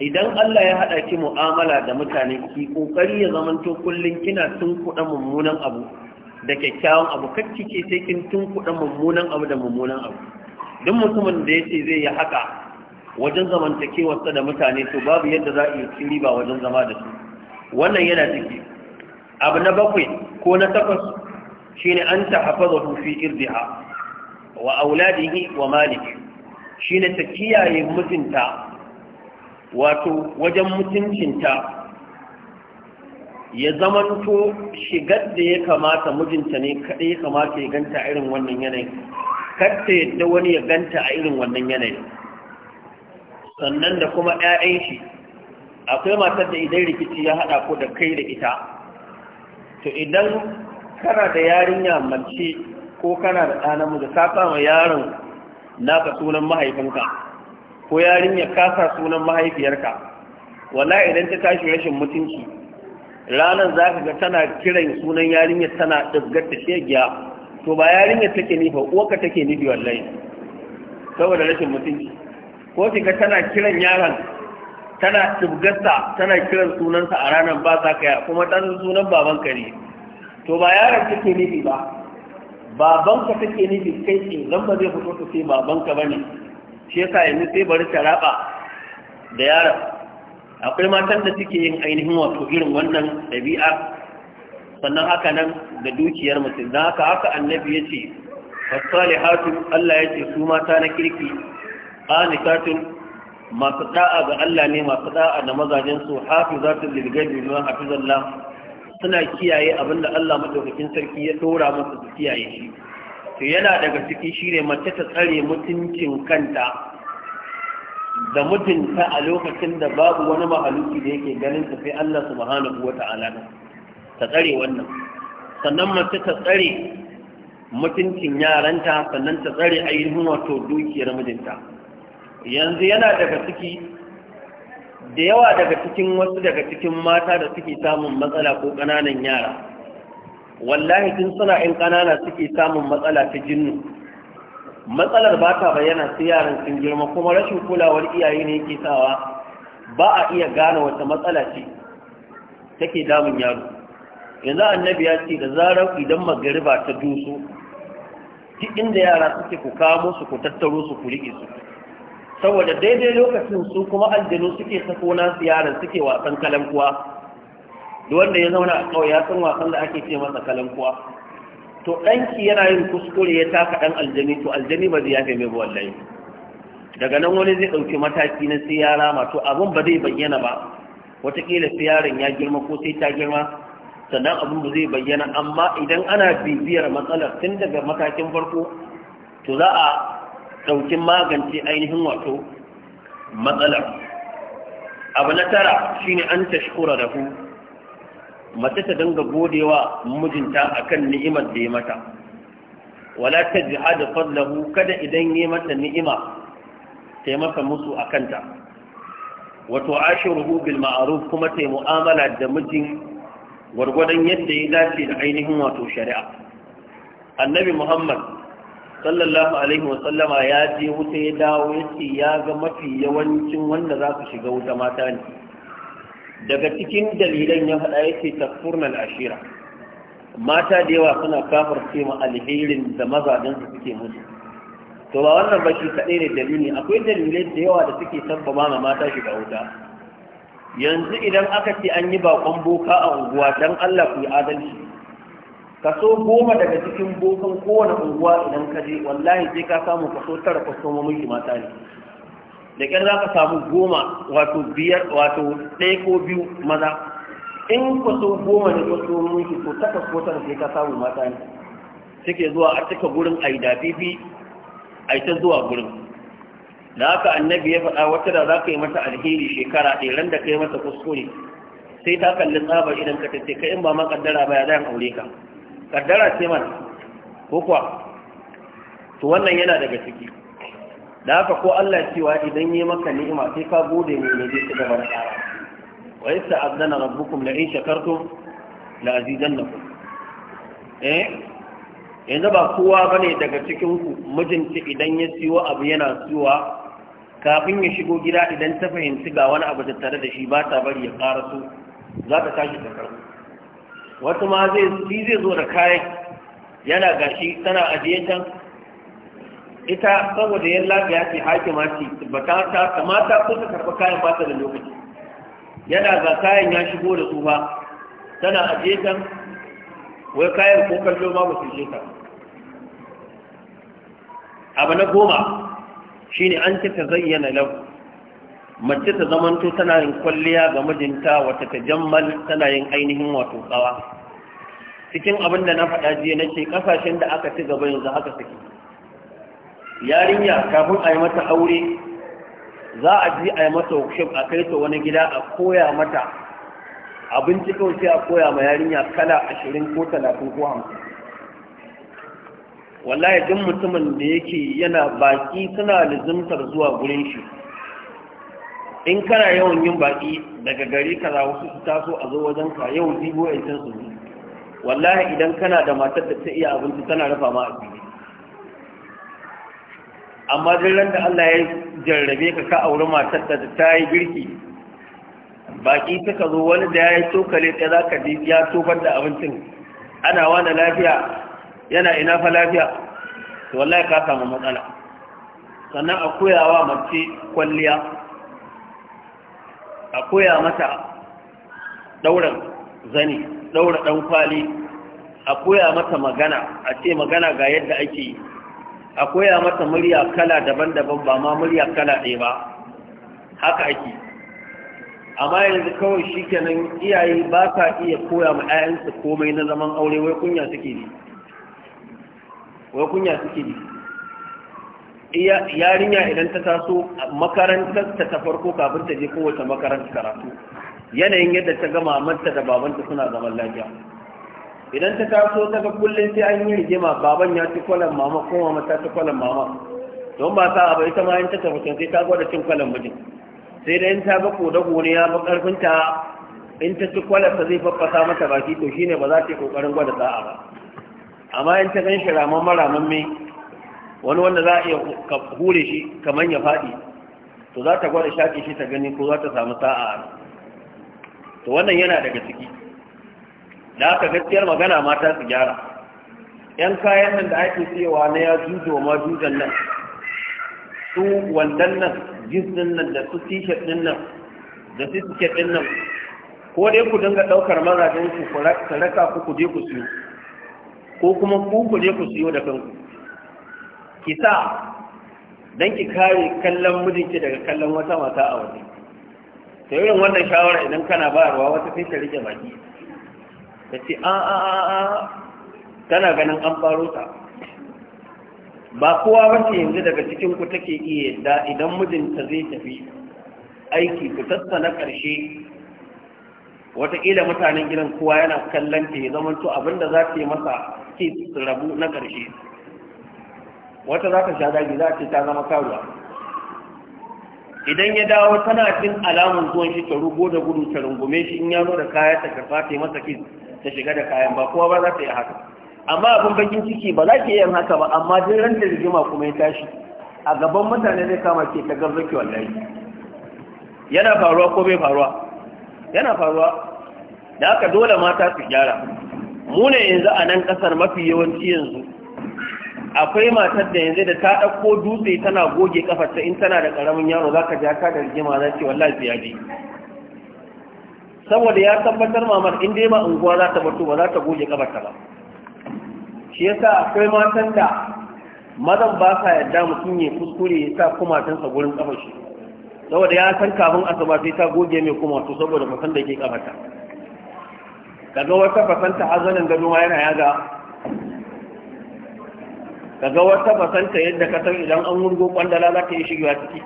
idan Allah ya hada ki mu'amala da mutane ki kokari ya zamanto kullun kina tun kuɗa mummunan abu da kyakkyawan abu kacci ke sai kin tun kuɗa mummunan abu da mummunan abu duk mutumin da yace zai yi haka wajen zamantakewarsa da mutane to babu yadda za a yi riba wajen zama da su wannan yana ciki abu na bakwai ko na takwas shine an tahfazahu fi irdiha wa auladihi wa maliki Shi ne ta kiyaye mutunta wato wajen mutuncinta ya zamanto shigar da ya kamata mijinta ne kaɗai ya kamata ya ganta a irin wannan yanayin ta yadda wani ya ganta a irin wannan yanayi sannan da kuma 'ya'yan shi akwai matar da idan rikici ya haɗa ko da kai da ita to idan kana da yarinya mace ko kana da ɗana mu ka sa ma yaron naka sunan mahaifinka ko yarinya ka sa sunan mahaifiyarka wala idan ta tashi rashin mutunci ranar za ka ga tana kiran sunan yarinya tana ɗazgar ta shegiya to ba yarinya take nufa uwarka take nufi wallahi saboda rashin mutunci ko ki ga tana kiran yaron tana tubgarsa tana kiran sunansa a ranar ba ka kaya kuma ɗan sunan babanka ne to ba yaron take nufi ba babanka take nufi kai ce zan ba zai fito ta babanka ba ne shi yasa yanzu sai bari ta raba da yaron akwai matan da suke yin ainihin wato irin wannan ɗabi'a sannan haka nan da dukiyar mutum don haka haka annabi ya ce Allah ya ce su mata na kirki nikatun masu da'a ga Allah ne masu da'a da mazajen su Hafi za su lil ghaibi ma hafizallah suna kiyaye abinda Allah madaukakin sarki ya dora masa su kiyaye shi to yana daga ciki ne mace ta tsare mutuncin kanta da mutunta a lokacin da babu wani mahaluki da yake ganin ta sai Allah subhanahu wata'ala ta tsare wannan sannan mace ta tsare mutuncin yaranta sannan ta tsare ainihin wato dukiyar mijinta yanzu yana daga ciki da yawa daga cikin wasu daga cikin mata da suke samun matsala ko ƙananan yara wallahi tun suna ‘yan ƙanana suke samun matsala ta jinnu matsalar ba ta bayyana su yaran sun girma kuma rashin kulawar iyaye ne yake sawa ba a iya gane wata matsala ce take damun yaro yanzu annabi ya ce da zarar idan magariba ta dusu duk inda yara suke ku kawo su ku tattaro su ku riƙe su saboda daidai lokacin su kuma aljanu suke sako ziyarar yaran suke wasan kalankuwa wanda ya zauna a kawai ya san wasan da ake ce masa kalankuwa to ɗanki yana yin kuskure ya taka ɗan aljani to aljani ba zai yafe mai wallahi daga nan wani zai ɗauki mataki na siyara ma rama to abin ba zai bayyana ba wataƙila siyaran ya girma ko sai ta girma sannan abin ba zai bayyana amma idan ana bibiyar matsalar tun daga matakin farko to za a ɗauki magance ainihin wato matsalar abu na tara shine an tashkura da ku mace ta dinga godewa mijinta akan ni'imar da ya mata wala ta jihada fadlahu kada idan yi mata ni'ima taimaka masa musu a kanta wato ashiruhu bil ma'aruf kuma ta mu'amala da mijin gwargwadon yadda ya dace da ainihin wato shari'a annabi muhammad sallallahu alaihi wa sallama, ya je wuta ya dawo ya ce ya ga mafi yawancin wanda za su shiga wuta mata ne daga cikin dalilan ya faɗa ya ce tafurnal ashira mata da yawa suna kafar ce ma alherin da mazajen su suke musu to ba wannan ba shi kaɗai ne dalili akwai dalilai da yawa da suke sabbaba ma mata shiga wuta yanzu idan aka ce an yi bakon boka a unguwa don allah ku yi adalci kaso goma daga cikin bokan kowane unguwa idan ka je wallahi sai ka samu kaso tara kwastomomin shi mata ne da ƙyar za ka samu goma wato biyar wato ɗaya ko biyu maza in kwaso goma ne kwaso shi to takwas ko tara sai ka samu mata ne suke zuwa a cika gurin a yi dafifi a yi ta zuwa gurin da haka annabi ya faɗa wata da za ka yi mata alheri shekara ɗaya randa da ka yi mata kuskure sai ta kalli tsabar idan ka tace ka in ba ma kaddara ba ya zan aure ka kaddara ce mana ko kuwa to wannan yana daga ciki da haka ko Allah cewa idan yi maka ni'ima sai ka gode mu ne zai gaba da tsara wa yasta azana rabbukum la in shakartum la azidannakum eh yanzu ba kowa bane daga cikin ku mijinta idan ya siyo abu yana siyowa kafin ya shigo gida idan ta fahimci ga wani abu tattare da shi ba ta bari ya ƙara su za ta tashi ta karɓi wasu ma zai shi zai zo da kayan yana gashi tana ajiye can ita saboda yan lafiya ce hakima ce ba ta ta kamata ko ta karɓi kayan ba ta da lokaci yana ga kayan ya shigo da su ba tana ajiye can wai kayan ko kallo ma ba su je ta abu na goma shine an ta zayyana lau mace ta zamanto tana yin kwalliya ga mijinta wata ta jammal tana yin ainihin wato tsawa cikin abin da na faɗa jiya na ce ƙasashen da aka ci gaba yanzu haka suke yarinya kafin a yi mata aure za a ji a yi mata workshop a kai ta wani gida a koya mata abinci kawai sai a koya ma yarinya kala ashirin ko talatin ko hamsin wallahi duk mutumin da yake yana baki suna lizimtar zuwa gurin shi in kana yawan yin baki daga gari kaza wasu su taso a zo wajen ka yau jibo a can su wallahi idan kana da matar da ta iya abinci tana rafa ma a fili amma duk da Allah ya jarrabe ka ka auri matar da ta yi girki baki ka zo wani da ya yi tokale ɗaya za ka ji ya tofar da abincin ana wani lafiya yana ina fa lafiya to wallahi ka samu matsala sannan a koyawa mace kwalliya a koya mata ɗauran zani ɗaura ɗan kwali a koya mata magana a ce magana ga yadda ake yi a koya mata murya kala daban-daban ba ma murya kala ɗaya ba haka ake amma yanzu kawai shi kenan iyaye ba sa iya koya ma 'ya'yansu komai na zaman aure wai kunya suke ne wai kunya suke ne yarinya idan ta taso makarantar ta ta farko kafin ta je kowace makarantar karatu yanayin yadda ta gama manta da babanta suna zaman lafiya idan ta taso ta ga kullum sai an yi rigima baban ya ci kwalan mama ko mama ta ci kwalan mama don ba ta abu ita ma ta tafi sai ta gwada cin kwalan mijin sai da in ta ga kodago ne ya fi karfin ta in ta ci kwalan ta zai faffasa mata baki to shine ba za ta yi kokarin gwada sa'a ba amma in ta gan shi maramin mai. wani wanda za a iya hure shi kamar ya faɗi to za ta gwada shaƙe shi ta gani ko za ta samu sa'a to wannan yana daga ciki da aka gaskiyar magana mata su gyara yan kayan nan da ake siyawa na ya jujo ma jujan nan su wandan nan jinsin nan da su t din nan da su din nan ko dai ku dinga ɗaukar mazajen ku ku raka ku ku je ku siyo ko kuma ku ku je ku siyo da kanku ki sa don ki kare kallon mijinki daga kallon wata mata a waje ta irin wannan shawara idan kana bayarwa wata sai ta rike baki ta ce a a a a tana ganin an faro ta ba kowa wace yanzu daga cikin ku take iya yadda idan mijinta zai tafi aiki ku fitarsa na ƙarshe wataƙila mutanen gidan kowa yana kallon ta ya zama to abinda za ta yi masa ke rabu na ƙarshe wata za ka sha daji za a ce ta zama karuwa idan ya dawo tana cin alamun zuwan shi ta rugo da gudu ta rungume shi in ya zo da kaya ta karfa ta yi masa kis ta shiga da kayan ba kowa ba za ta yi haka amma abin bakin ciki ba za ki yin haka ba amma duk ran da rigima kuma ya tashi a gaban mutane zai kama ke ta garzaki wallahi yana faruwa ko bai faruwa yana faruwa da haka dole mata su gyara mu ne yanzu a nan kasar mafi yawanci yanzu akwai matar da yanzu da ta ɗauko dutse tana goge kafarta in tana da ƙaramin yaro za ka ja ka da rigima za ce wallahi ya je saboda ya tabbatar mamar in dai ma unguwa za ta mutu ba za ta goge kafarta ba shi yasa akwai matan da mazan ba sa yadda mutum ya kuskure ya sa kumatansa gurin kafar shi saboda ya san kafin asuba sai ta goge mai kumatu saboda mutum da ke kafarta kaga wata fasanta hazanin gado ma yana yaga Ka ga wata basanta yadda ka san idan an wurgo kwandala za ta yi shigewa ciki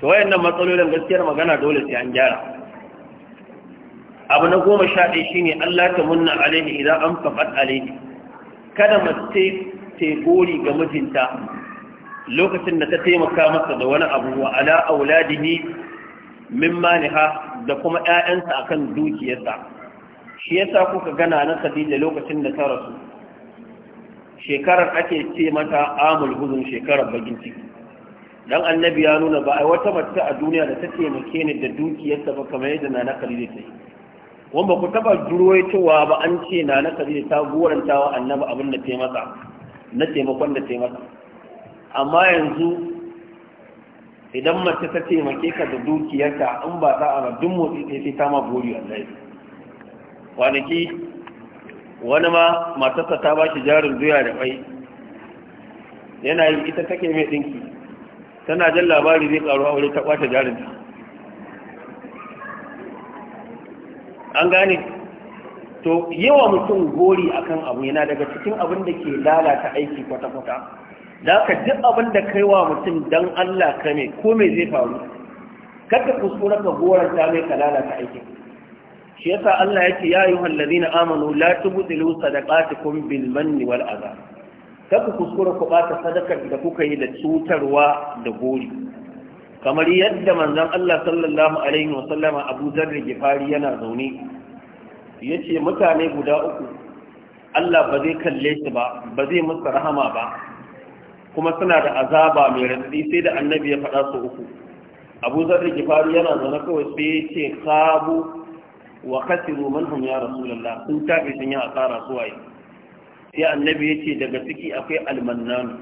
to wayannan matsalolin gaskiyar magana dole sai an gyara abu na goma sha ɗaya shine Allah ta munna alaihi idan an faqat alaihi kada mace ta gori ga mijinta lokacin da ta taimaka masa da wani abu wa ala auladihi min maniha da kuma ƴaƴansa akan dukiyarsa shi yasa kuka gana na da lokacin da ta rasu shekarar ake ce mata amul huzun shekarar bagin ciki dan annabi ya nuna ba a wata mace a duniya da ta taimake ni da dukiyarta ba kamar yadda nana khadija ta yi wanda ku taba cewa ba an ce nana khadija ta goranta wa annabi abin da ta yi masa na taimakon da ta yi masa amma yanzu idan mace ta taimake ka da dukiyarta in ba za a duk motsi sai ta ma buri wallahi kwanaki wani ma matarsa ta ba shi jarin doya da mai yana yi ita take mai ɗinki tana jan labari zai ƙaru aure ta ƙwace jarin ta an gane to yawa mutum gori akan abu yana daga cikin abin da ke lalata aiki kwata-kwata da ka duk abin da kai wa mutum don Allah ka ne ko mai zai faru kada kuskura ka goranta mai ka lalata aikin shi yasa Allah yake ya ayyuhal na amanu la tubtilu sadaqatikum bil manni wal adha kaku kuskura ku bata sadakar da kuka yi da cutarwa da gori kamar yadda manzon Allah sallallahu alaihi wa sallama Abu Dharr Gifari yana zaune yace mutane guda uku Allah ba zai kalle su ba ba zai musu rahama ba kuma suna da azaba mai radadi sai da annabi ya faɗa su uku Abu Dharr Gifari yana zaune kawai sai ya ce kabu wa khasiru manhum ya rasulullah sun tafi sun yi asara waye. sai annabi yace daga ciki akwai almannan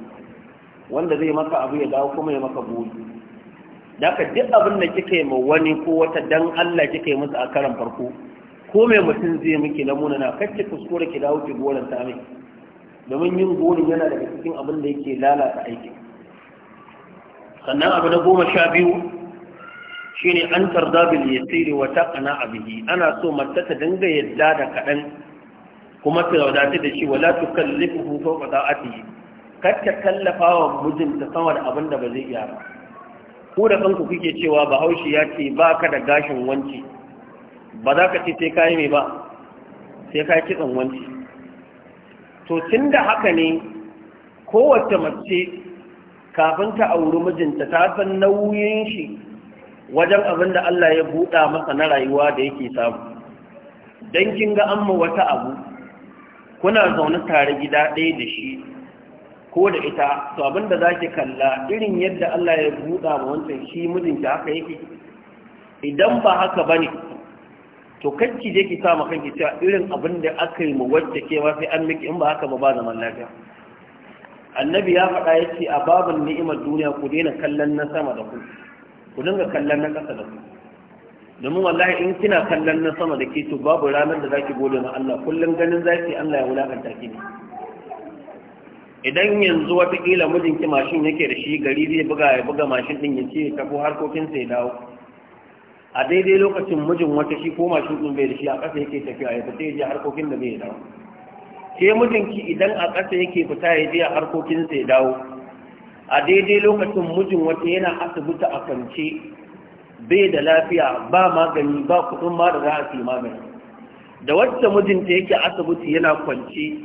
wanda zai maka abu ya dawo kuma ya maka buri ka duk abin da kike ma wani ko wata dan Allah kike musu a karan farko ko mai mutum zai miki na muna na kacce kuskure ki dawo ki goran ta mai domin yin gori yana daga cikin abin da yake lalata aiki sannan abu na goma sha biyu shine an tarda bil yasiri wa taqna bihi ana so mace ta dinga yadda da kaɗan kuma ta wadata da shi wala tukallifuhu a da'atihi kar ta kallafa wa mijinta sama da abin da ba zai iya ba ko da kanku kuke cewa haushi ya ce ba ka da gashin wanci ba za ka ce sai ka yi mai ba sai ka yi kitsan wanci to tun da haka ne kowace mace kafin ta auri mijinta ta san nauyin shi wajen abin da Allah ya buɗa masa na rayuwa da yake samu Don kin ga amma wata abu kuna zaune tare gida ɗaya da shi ko da ita to abin da zaki kalla irin yadda Allah ya buɗa ma wancan shi ki, haka yake idan ba haka ba ne, to kanki je ki samu kanki cewa irin abin da aka yi mu wacce ke ma sai an miki in ba haka ba ba zaman lafiya annabi ya faɗa ya ce a babin ni'imar duniya ku daina kallon na sama da ku ku dinga kallon na ƙasa da ku domin wallahi in kina kallon na sama da ke to babu ranar da zaki gode na Allah kullum ganin zaki Allah ya wulakanta ki ne idan yanzu watakila mijinki mashin yake da shi gari zai buga ya buga mashin din yace ya tafi harkokin sai dawo a daidai lokacin mijin wata shi ko mashin din bai da shi a ƙasa yake tafiya ya fita ya je harkokin da bai dawo ke mijinki idan a ƙasa yake fita ya je harkokin sai dawo a daidai lokacin mijin wata yana asibiti a kwance bai da lafiya ba magani ba kudin ma da za a fi magani da wacce mijinta yake asibiti yana kwance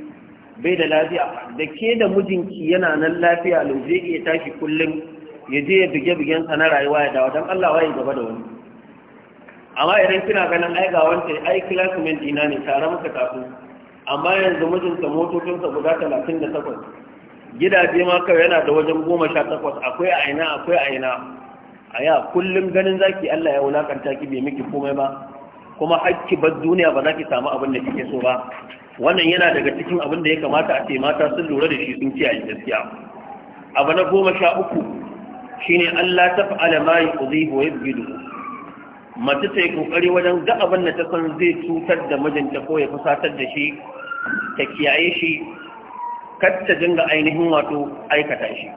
bai da lafiya da ke da mijinki yana nan lafiya lauje zai iya tashi kullum ya je ya bige bigensa na rayuwa ya dawo don Allah waye gaba da wani amma idan kina ganin ai ga wanda ai classmate ina ne tare muka tafi amma yanzu mijinta motocinsa guda talatin da takwas gidaje ma kawai yana da wajen goma sha takwas akwai aina akwai aina a ya kullum ganin zaki Allah ya wulakanta ki bai miki komai ba kuma hakki bar duniya ba za ki samu abin da kike so ba wannan yana daga cikin abin da ya kamata a ce mata sun lura da shi sun kiyaye gaskiya abu na goma sha uku shine Allah ta fa'ala ma yuzibu wa yabgidu mace ta yi kokari wajen ga abin da ta san zai cutar da mijinta ko ya fusatar da shi ta kiyaye shi kacce dinga ainihin wato aikata shi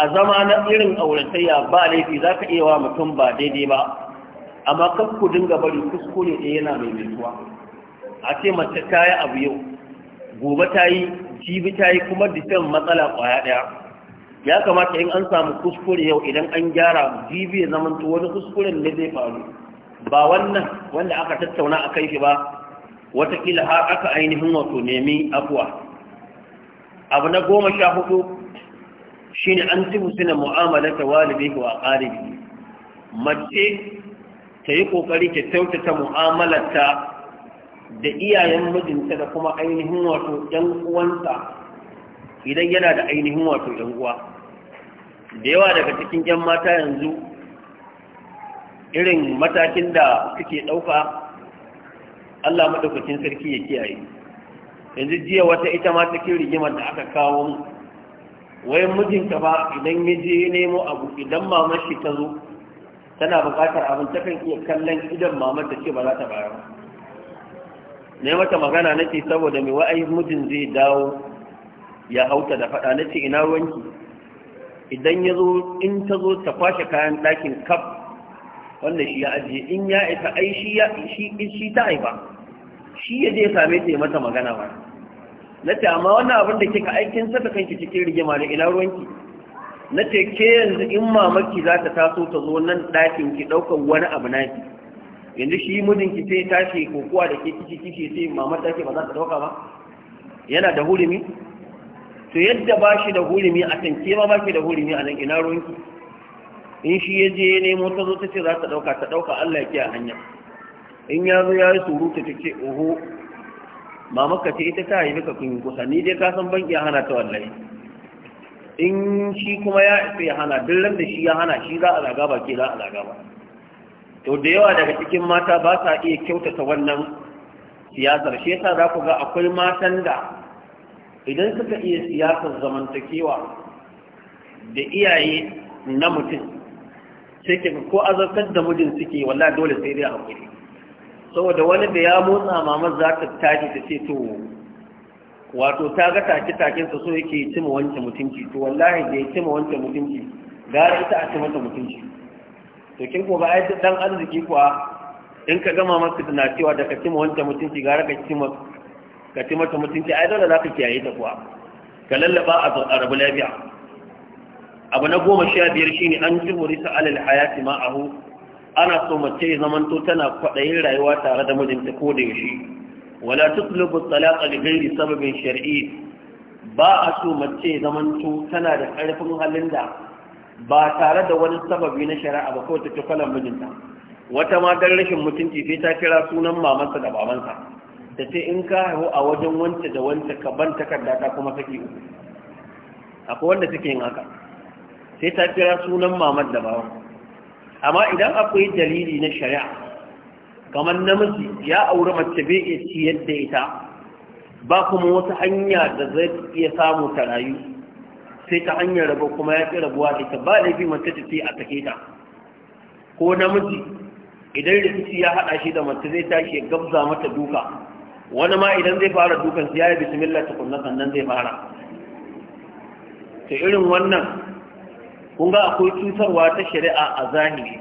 a zama na irin auratayya ba laifi za ka iya wa mutum ba daidai ba amma kan ku dinga bari kuskure ɗaya yana mai mutuwa a ce mace ta yi abu yau gobe ta yi jibi ta yi kuma disan matsala ƙwaya ɗaya ya kamata in an samu kuskure yau idan an gyara jibi ya zama wani kuskuren ne zai faru ba wannan wanda aka tattauna a kai shi ba Wataƙila har aka ainihin wato nemi afuwa abu na goma sha hudu shi ne an ci suna mu'amala ta walibi wa ƙaribi mace ta yi ƙoƙari ta kyautata mu'amalarta da iyayen mijinta da kuma ainihin wato ‘yan uwanta idan yana da ainihin wato ‘yan uwa da yawa daga cikin ‘yan mata yanzu irin matakin da suke ɗauka Allah maɗaukacin sarki ya kiyaye yanzu jiya wata ita ma cikin rigimar da aka kawo mu wai mijinta ba idan ya je nemo abu idan mamar shi ta zo tana buƙatar abin ta kan iya kallon idan mamar ta ce ba za ta bayar ne mata magana nake saboda mai wa'ayi mijin zai dawo ya hauta da faɗa ce ina ruwanki idan ya zo in ta zo ta kwashe kayan ɗakin kaf wanda shi ya ajiye in ya isa ai shi ta haifa shi ya je same ta yi mata magana ba na ce amma wannan abin da kika aikin saka kanki cikin rigima da ina ruwanki na ce ke yanzu in mamaki za ta taso ta zo nan ɗakin ki ɗaukar wani abu na ki yanzu shi mijinki sai tashi kokowa da ke kici kici sai mamar take ba za ta ɗauka ba yana da hurumi to yadda ba shi da hurumi a can ke ma ba shi da hurumi a nan ina ruwanki in shi ya je ya nemo ta zo ta ce za ta ɗauka ta ɗauka Allah ya kiyaye hanya in ya zo ya yi surutu ta ce oho maka ce ita ta yi maka kun kusa ni dai ka san banki ya hana ta wallahi in shi kuma ya isa ya hana duk da shi ya hana shi za a zaga ba ke za a zaga ba to da yawa daga cikin mata ba sa iya kyautata wannan siyasar shi yasa za ku ga akwai matan da idan suka iya siyasar zamantakewa da iyaye na mutum sai ke ko azartar da mijin suke wallahi dole sai dai hakuri saboda wani da ya motsa mamar za ta tashi ta ce to wato ta ga take taken sa so yake cima wancan mutunci to wallahi da ya cima wancan mutunci gara ita a ci ta mutunci to kin ko ba ai dan arziki kuwa in ka gama maka tana cewa da ka cima wancan mutunci gara ka cima ka ci mata mutunci ai dole za ka kiyaye ta kuwa ka lallaba a rabu lafiya abu na goma sha biyar shine an jumuri sa alal hayati ma'ahu ana so mace ya zamanto tana kwaɗayin rayuwa tare da mijinta ko da yaushe wala tutlubu talaqa li ghairi sababin shar'i ba a so mace ya zamanto tana da ƙarfin halin da ba tare da wani sababi na shari'a ba kawai ta ci kwalan mijinta wata ma dan rashin mutunci sai ta kira sunan mamansa da babansa ta ce in ka haihu a wajen wance da wance ka ban takarda ta kuma kake uku akwai wanda suke yin haka sai ta kira sunan mamad da baban amma idan akwai dalili na shari'a kamar namiji ya auri mace bai iya ciyar da ita ba kuma wata hanya da zai iya samu ta rayu sai ta hanyar rabo kuma ya fi rabuwa da ita ba fi mace ta ce a take ta ko namiji idan rikici ya haɗa shi da mace zai tashi ya gabza mata duka wani ma idan zai fara dukan ya bismillah ta kunna sannan zai fara ta irin wannan kun ga akwai cutarwa ta shari'a a zahiri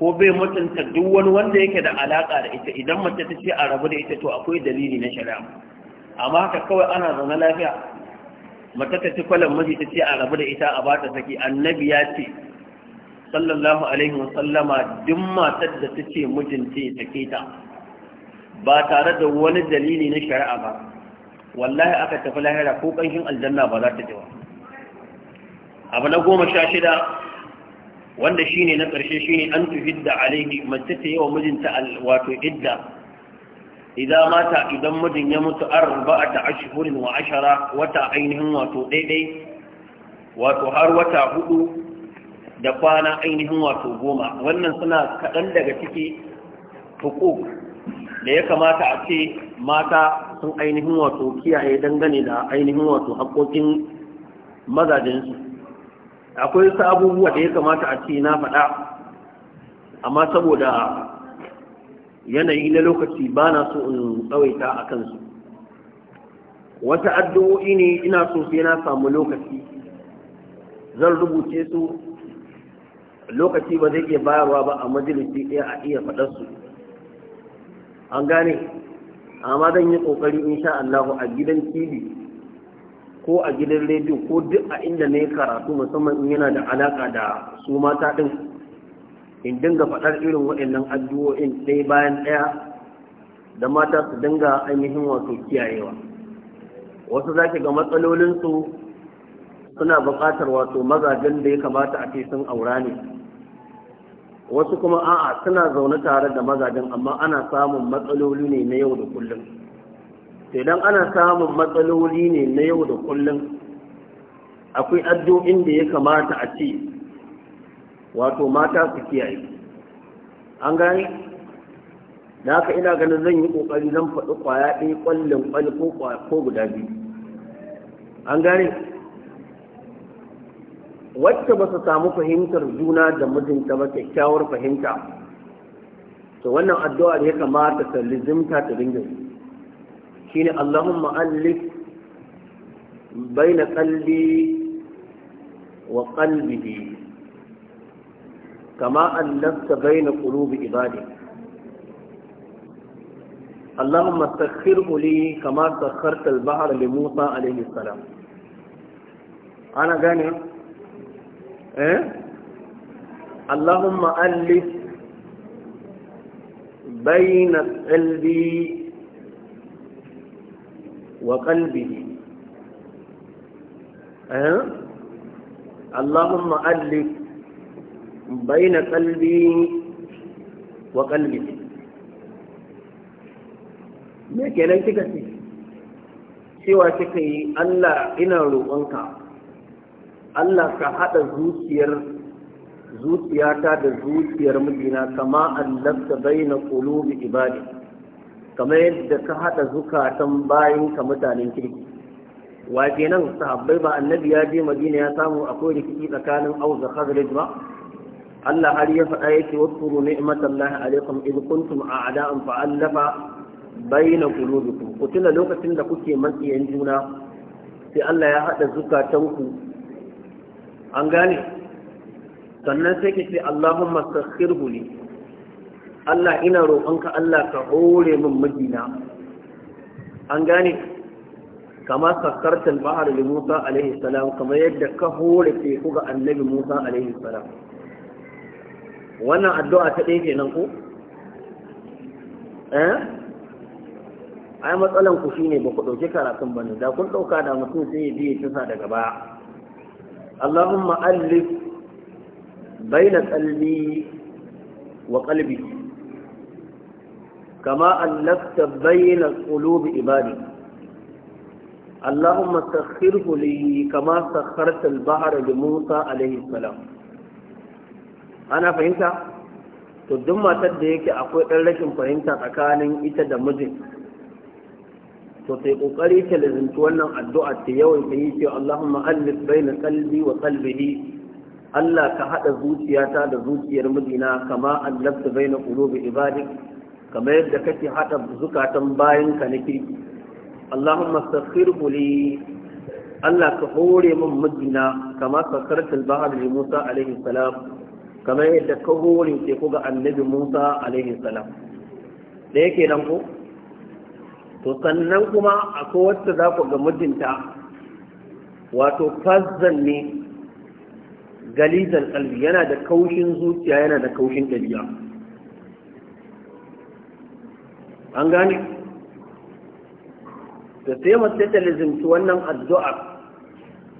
ko bai mutunta duk wani wanda yake da alaƙa da ita idan mace ta ce a rabu da ita to akwai dalili na shari'a amma haka kawai ana zama lafiya mace ta ci kwalan miji ta ce a rabu da ita a ba ta saki annabi ya ce sallallahu alaihi wa sallama duk matar da ta ce mijinta ya take ta ba tare da wani dalili na shari'a ba wallahi aka tafi lahira ko kanshin aljanna ba za ta ji ba abu na goma sha shida wanda shine na ƙarshe shine an da alaihi mace ta yawa mijinta wato idda idan mata idan mijin ya mutu arba'ata ashhurin wa ashara wata ainihin wato ɗaiɗai, wato har wata hudu da kwana ainihin wato goma wannan suna kaɗan daga ciki hukuk da ya kamata a ce mata sun ainihin wato kiyaye dangane da ainihin wato haƙoƙin mazajensu akwai wasu abubuwa da ya kamata a ce na faɗa amma saboda yanayi na lokaci ba na so in tsawaita a kansu wata addu'o'i ne ina so sai na samu lokaci zan rubuce su lokaci ba zai iya bayarwa ba a majalisi ɗaya a iya su an gane amma zan yi ƙoƙari insha Allah a gidan TV ko a gidan rediyo ko duk a inda na yi karatu musamman in yana da alaƙa da su mata ɗin in dinga faɗar irin waɗannan addu'o'in ɗaya bayan ɗaya da mata su dinga ainihin wato kiyayewa wasu zaki ga matsalolinsu suna buƙatar wato mazajen da ya kamata a ce sun aura ne wasu kuma a'a suna zaune tare da mazajen amma ana samun matsaloli ne na yau da kullum idan ana samun matsaloli ne na yau da kullum akwai addu'in da ya kamata a ce wato mata su kiyaye an gani da haka ina ganin zan yi ƙoƙari zan faɗi ƙwaya ɗaya ƙwallon ƙwalli ko guda biyu an gane wacce ba su samu fahimtar juna da mijinta ba kyakkyawar fahimta to wannan addu'a da ya kamata ta lizimta ta dinga yi shine Allahumma allif baina qalbi wa qalbihi kama allafta baina qulubi ibadi Allahumma sakhkhirhu li kama sakharta al-bahr li Musa alayhi salam ana gane eh Allahumma allif baina qalbi wa qalbihi eh Allahumma alif baina qalbi wa qalbihi me kenan kika ce cewa kika yi Allah ina roƙonka Allah ka haɗa zuciyar zuciyata da zuciyar mijina kama allafta baina qulubi ibadi kamar yadda ka haɗa zukatan bayan ka mutanen kirki wa kenan sahabbai ba annabi ya je madina ya samu akwai rikici tsakanin au da khazraj ba Allah har ya faɗa yake wasu ni'matallahi alaikum id kuntum a'da'an fa'allafa bayyana kulubikum ku tuna lokacin da kuke matsiyan juna sai Allah ya haɗa zukatanku an gane sannan sai ke ce Allahumma sakhirhu li Allah ina roƙonka Allah ka hore min mijina an gane kama sakkartan bahar da Musa alaihi salam kamar yadda ka hore teku ga annabi Musa alaihi salam wannan addu'a ta ɗaya kenan ko eh ai matsalan ku shine ba ku ɗauki karatun ba da kun ɗauka da mutum sai ya biye tusa daga baya Allahumma alif baina qalbi wa qalbi كما ألفت بين قلوب عبادي اللهم سخره لي كما سخرت البحر لموسى عليه السلام أنا فهمت to duk matar da yake akwai ɗan rashin fahimta tsakanin ita da mijin to sai kokari ta lazinci wannan addu'a ta yawan ta yi ce Allahumma allif baina qalbi wa qalbihi Allah ka hada zuciyata da zuciyar mijina kama allafta baina qulubi ibadik kamar yadda kake haɗa zukatan bayan ka na kirki Allahumma sakhirhu li Allah ka hore min mijina kama sakarta al-bahr li Musa alaihi salam kamar yadda ka hore ku ga annabi Musa alaihi salam da yake nan ko to sannan kuma akwai wacce za ku ga mijinta wato fazzan ne galizan kalbi yana da kaushin zuciya yana da kaushin ɗabi'a an gane da sai mace ta lizimci wannan addu'a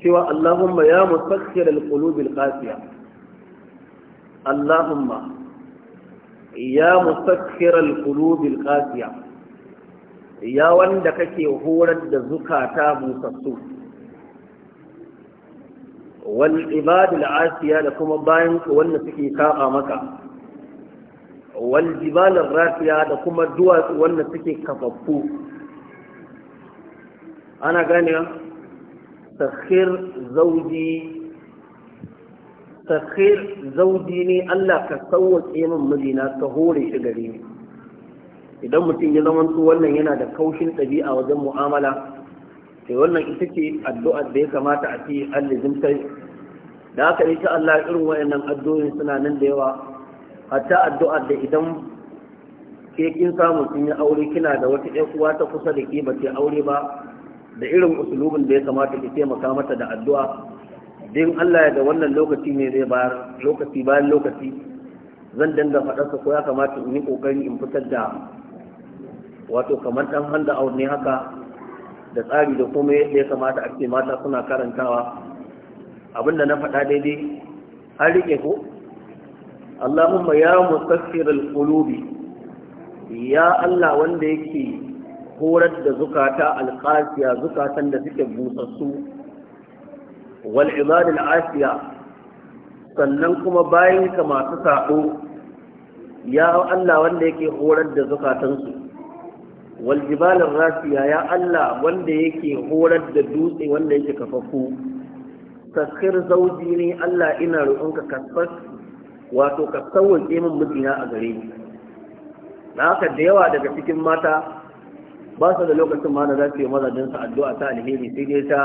cewa Allahumma ya musakkir al-qulubil Allahumma ya musakkir al-qulubil ya wanda kake horar da zukata busassu wal ibadul asiya da kuma bayan wanda suke kafa maka wal rafiya da kuma duwatsu wanda suke kafaffu ana gane sakhir zauji sakhir zauji ne Allah ka sauwaƙe min mijina ka hore shi gare ni idan mutum ya zama wannan yana da kaushin ɗabi'a wajen mu'amala sai wannan ita ce addu'ar da ya kamata a ce allazin ta da yi insha Allah irin wayannan addu'o'in suna nan da yawa hatta addu'a da idan ke kin samu kin yi aure kina da wata ƴan uwa ta kusa da ke ba ce aure ba da irin usulubin da ya kamata ki taimaka mata da addu'a din Allah ya da wannan lokaci ne zai bayar lokaci bayan lokaci zan danga faɗarsa ko ya kamata in yi kokari in fitar da wato kamar dan handa aure ne haka da tsari da kuma yadda ya kamata a ce mata suna karantawa abinda na faɗa daidai har rike ko Allahumma ya musaffir al-qulubi ya Allah wanda yake horar da zukata alƙasiya zukatan da suke busassu wal ibad al-asiya sannan kuma bayan ka masu saɓo ya Allah wanda yake horar da zukatansu wal jibal rasiya ya Allah wanda yake horar da dutse wanda yake kafafu takhir zauji ne Allah ina roƙonka ka wato ka sauwaƙe min mijina a gare ni na haka da yawa daga cikin mata ba su da lokacin ma za su yi mazajinsa su addu'a ta alheri sai dai ta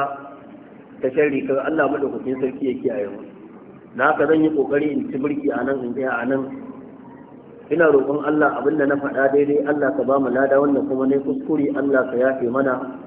ta rikar Allah Allah madaukakin sarki ya kiyaye mu na haka zan yi ƙoƙari in ci birki a nan in tsaya a nan ina roƙon Allah abin da na faɗa daidai Allah ka ba mu lada wannan kuma ne kuskure Allah ka yafe mana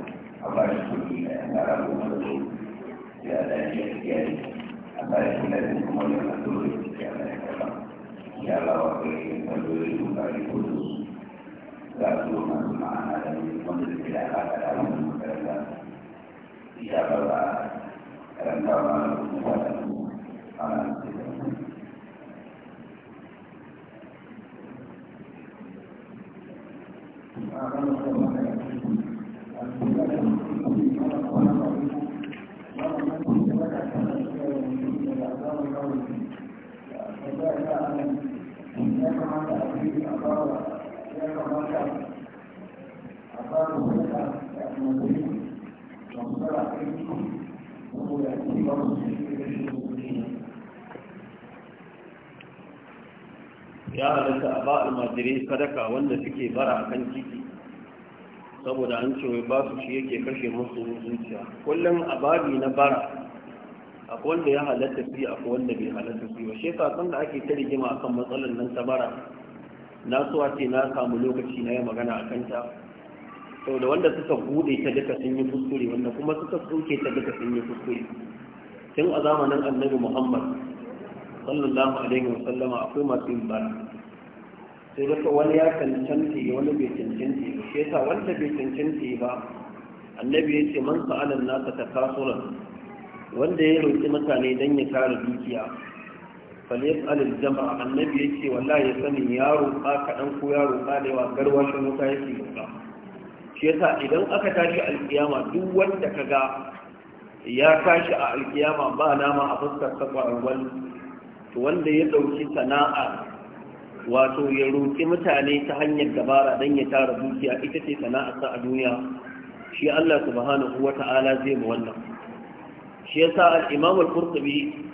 a ba shi kuɗi a yan kara da ya ya ya za su ya ba ba Thank you. ya halitta a ba almajirai sadaka wanda suke bara a kan titi saboda an ce ba basu shi yake kashe musu zuciya kullum a babi na bara akwai wanda ya halatta su akwai wanda bai halatta su ba shi san da ake ta rigima akan matsalar nan ta bara na so ce na samu lokaci na yi magana a kanta saboda wanda suka bude ta duka sun yi kuskure wanda kuma suka tsoke ta duka sun yi kuskure tun a zamanin annabi muhammad sallallahu alaihi wasallama akwai masu yin bara sai daga wani ya cancanci wani bai cancanci ba shi yasa wanda bai cancanci ba annabi ya ce man sa'alan nasa ta kasuran wanda ya roƙi mutane don ya kare dukiya faliyar alil jama'a annabi ya ce wallahi ya sani ya roƙa kaɗan ko ya roƙa da yawa garwashin wuta ya ce roƙa shi yasa idan aka tashi alƙiyama duk wanda ka ga ya tashi a alƙiyama ba nama a fuskar sa to wanda ya ɗauki sana'a wato ya roƙi mutane ta hanyar dabara don ya tara dukiya ita ce sana'arsa a duniya shi Allah subhanahu wata'ala zai mu wannan shi yasa al-Imam al-Qurtubi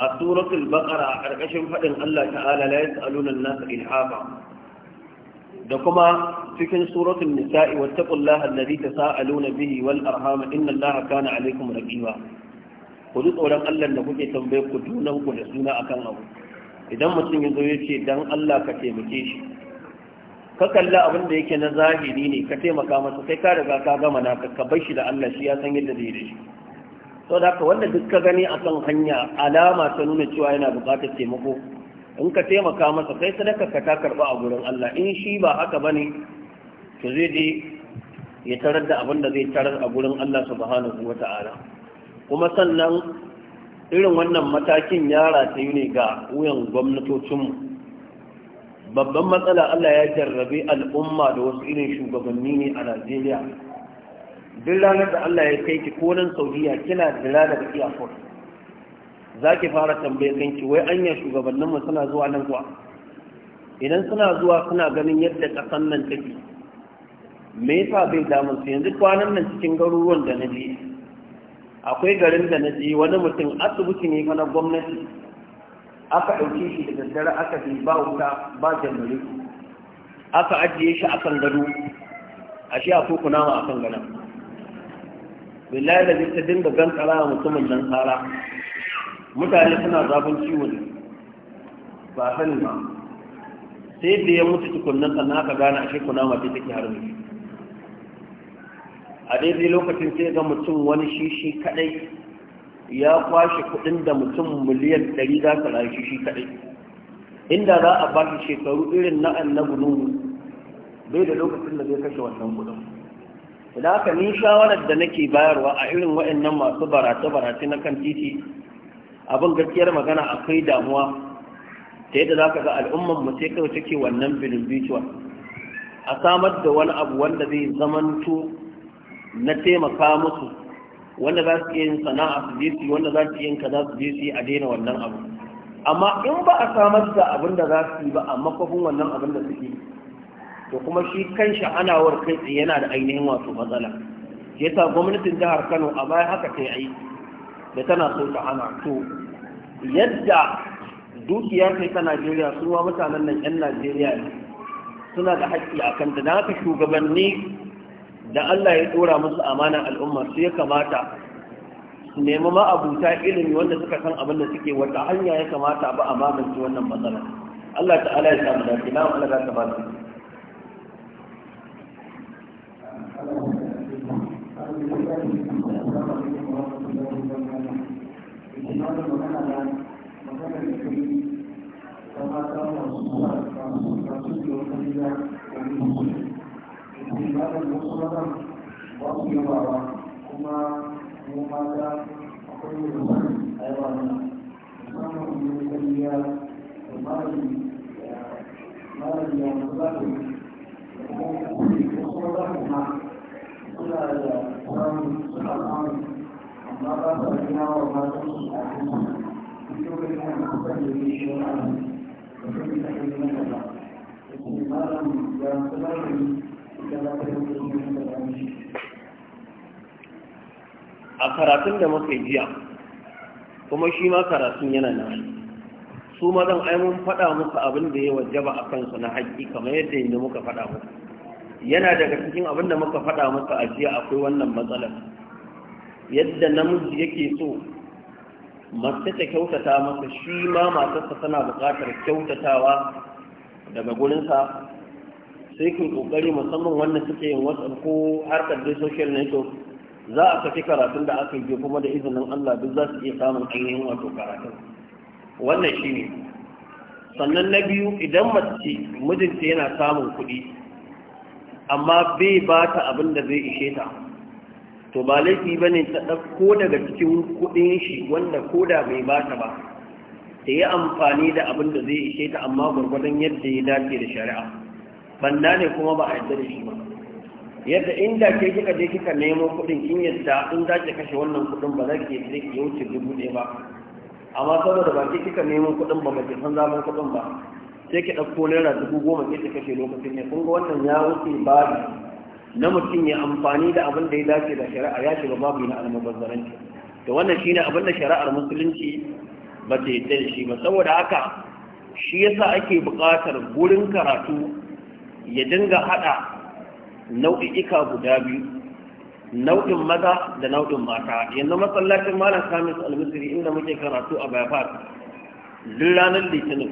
a suratul baqara a karkashin fadin Allah ta'ala la yas'aluna an-nasa ilhafa da kuma cikin suratul nisa'i wattaqullaha alladhi tasaaluna bihi wal arham inna Allaha kana alaykum raqiba ku tsoron Allah da kuke tambaye ku dunan ku da suna akan abu idan mutum ya zo ya ce don Allah ka taimake shi ka kalla abin da yake na zahiri ne ka taimaka masa sai ka riga ka gama na ka bar shi da Allah shi ya san yadda zai da shi sau da wanda duk ka gani a kan hanya alama ta nuna cewa yana buƙatar taimako in ka taimaka masa kai sadaka ka ta karba a gurin Allah in shi ba haka bane to zai je ya tarar da abin da zai tarar a gurin Allah subhanahu wata'ala kuma sannan irin wannan matakin yara ta yi ne ga wuyan gwamnatocinmu babban matsala Allah ya jarrabe al'umma da wasu irin shugabanni ne a Najeriya. Duk ranar da Allah ya kai ki ko nan Saudiya kina jira daga iyakar. Za ki fara tambaye kanki wai anya shugabannin mu suna zuwa nan kuwa. Idan suna zuwa suna ganin yadda kasan nan take. Me yasa bai damu yanzu kwanan nan cikin garuruwan da na je akwai garin da na je wani mutum asibiti ne na gwamnati aka ɗauke shi da daddare aka fi ba wuta ba jami'ai aka ajiye shi kan gado a shi a kukuna ma kan gana billahi da ta dinga tsara wa mutumin nan tsara mutane suna zafin ciwon ba sani ba sai da ya mutu tukunnan sannan aka gane a shi kuna ma take harin. a daidai lokacin sai ga mutum wani shi shi kadai ya kwashe kudin da mutum miliyan 100 za ka rayu shi kadai inda za a ba shi shekaru irin na annabi nuhu bai da lokacin da zai kashe wannan kudin idan aka ni shawarar da nake bayarwa a irin waɗannan masu barace barace na kan titi abin gaskiyar magana akwai damuwa ta yadda za ka ga al'ummar mu sai kawai take wannan bilin a samar da wani abu wanda zai zamanto na taimaka musu wanda za su yin sana'a su je su wanda za su yin kaza su je su a daina wannan abu amma in ba a samar da abin da za su yi ba a makwafin wannan abin da suke to kuma shi kan sha'anawar kai tsaye yana da ainihin wato matsala ya sa gwamnatin jihar kano a baya haka ta yi aiki da tana so ta hana to yadda dukiya kai ta najeriya su mutanen nan yan najeriya suna da haƙƙi akan kanta da haka shugabanni da Allah ya dora musu amana al'umma su ya kamata su nemi ma'abuta ilimi wanda suka san abin da suke wata hanya ya kamata ba a magance wannan matsala Allah ta'ala ya samu dace na Allah za ta ba su Thank you. limanin musulman wasu yawawa kuma mu mata akwai yi musamman aiwa na musamman yi kariya da mari mari ya musulman da kuma kuma za mu ma suna da samun suna samun amma ba sa gina wa matan su a cikin su duk da kuma kusan da yi shi wani abu da kuma ta yi mana ba. Malam ya musulman a karatun da muka yi jiya kuma shi ma karatun yana nan su zan ai mun faɗa muku abin da ya wajaba a kansu na haƙƙi kamar yadda yadda muka faɗa muku yana daga cikin abin da muka faɗa muku a jiya akwai wannan matsalar yadda namiji yake so mace ta kyautata masa shi ma matarsa tana buƙatar kyautatawa daga gurinsa sai kun kokari musamman wannan suke yin wasan ko harkar dai social network za a saki karatun da aka yi kuma da izinin Allah duk za su iya samun ainihin wato karatun wannan shi ne sannan na biyu idan mace mijinta yana samun kuɗi amma bai ba ta abin da zai ishe ta to ba laifi ba ne ta ɗauko daga cikin kuɗin shi wanda koda bai ba ta ba ta yi amfani da abin da zai ishe ta amma gwargwadon yadda ya dace da shari'a banda ne kuma ba a yadda da shi ba yadda inda ke kika je kika nemo kuɗin in yadda in za ki kashe wannan kuɗin ba za ki yi ki wuce dubu ɗaya ba amma saboda ba ki kika nemo kuɗin ba ba ki san zaman kuɗin ba sai ki ɗauko naira dubu goma ke ta kashe lokacin ne kun ga wannan ya wuce ba na mutum ya amfani da abin da ya dace da shari'a ya shiga babu na almubazzaranci to wannan shine abin da shari'ar musulunci ba ta yadda da shi ba saboda haka shi yasa ake buƙatar gurin karatu ya dinga haɗa nau'ika guda biyu nau'in maza da nau'in mata yanzu masallacin malam kamis misri inda muke karatu a bypass duk litinin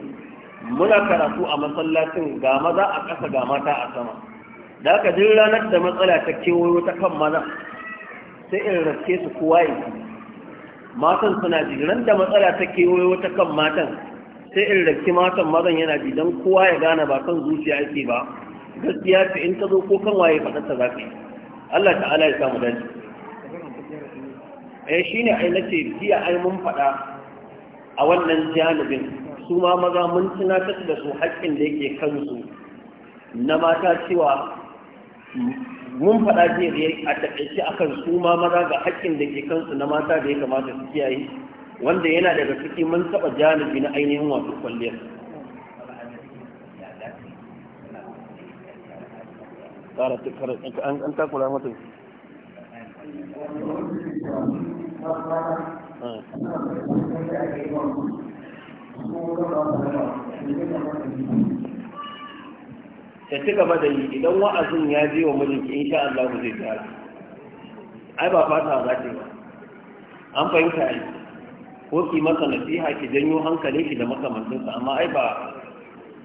muna karatu a masallacin ga maza a ƙasa ga mata a sama da aka duk ranar da matsala ta kewayo ta kan maza sai in raske su kowa matan suna jiran da matsala ta kewayo ta kan matan sai in rafki matan mazan yana ji don kowa ya gane ba kan zuciya ake ba gaskiya ce in ta zo ko kan waye faɗar ta zaka Allah ta'ala ya samu dace eh shine ai nace jiya ai mun faɗa a wannan janibin su ma maza mun tunatar da su haƙƙin da yake kansu na mata cewa mun faɗa jiya a taƙaice akan su ma maza ga haƙƙin da ke kansu na mata da ya kamata su kiyaye wanda yana daga ciki mun taɓa janibi na ainihin wato kwalliyar ƙara an takura ah. ta ci gaba da yi idan wa'azin ya je wa mijinki in sha Allah zai ta ai ba fata za ta yi ba an fahimta yi. ko ki masa nasiha ki janyo hankali shi da makamantinsa amma ai ba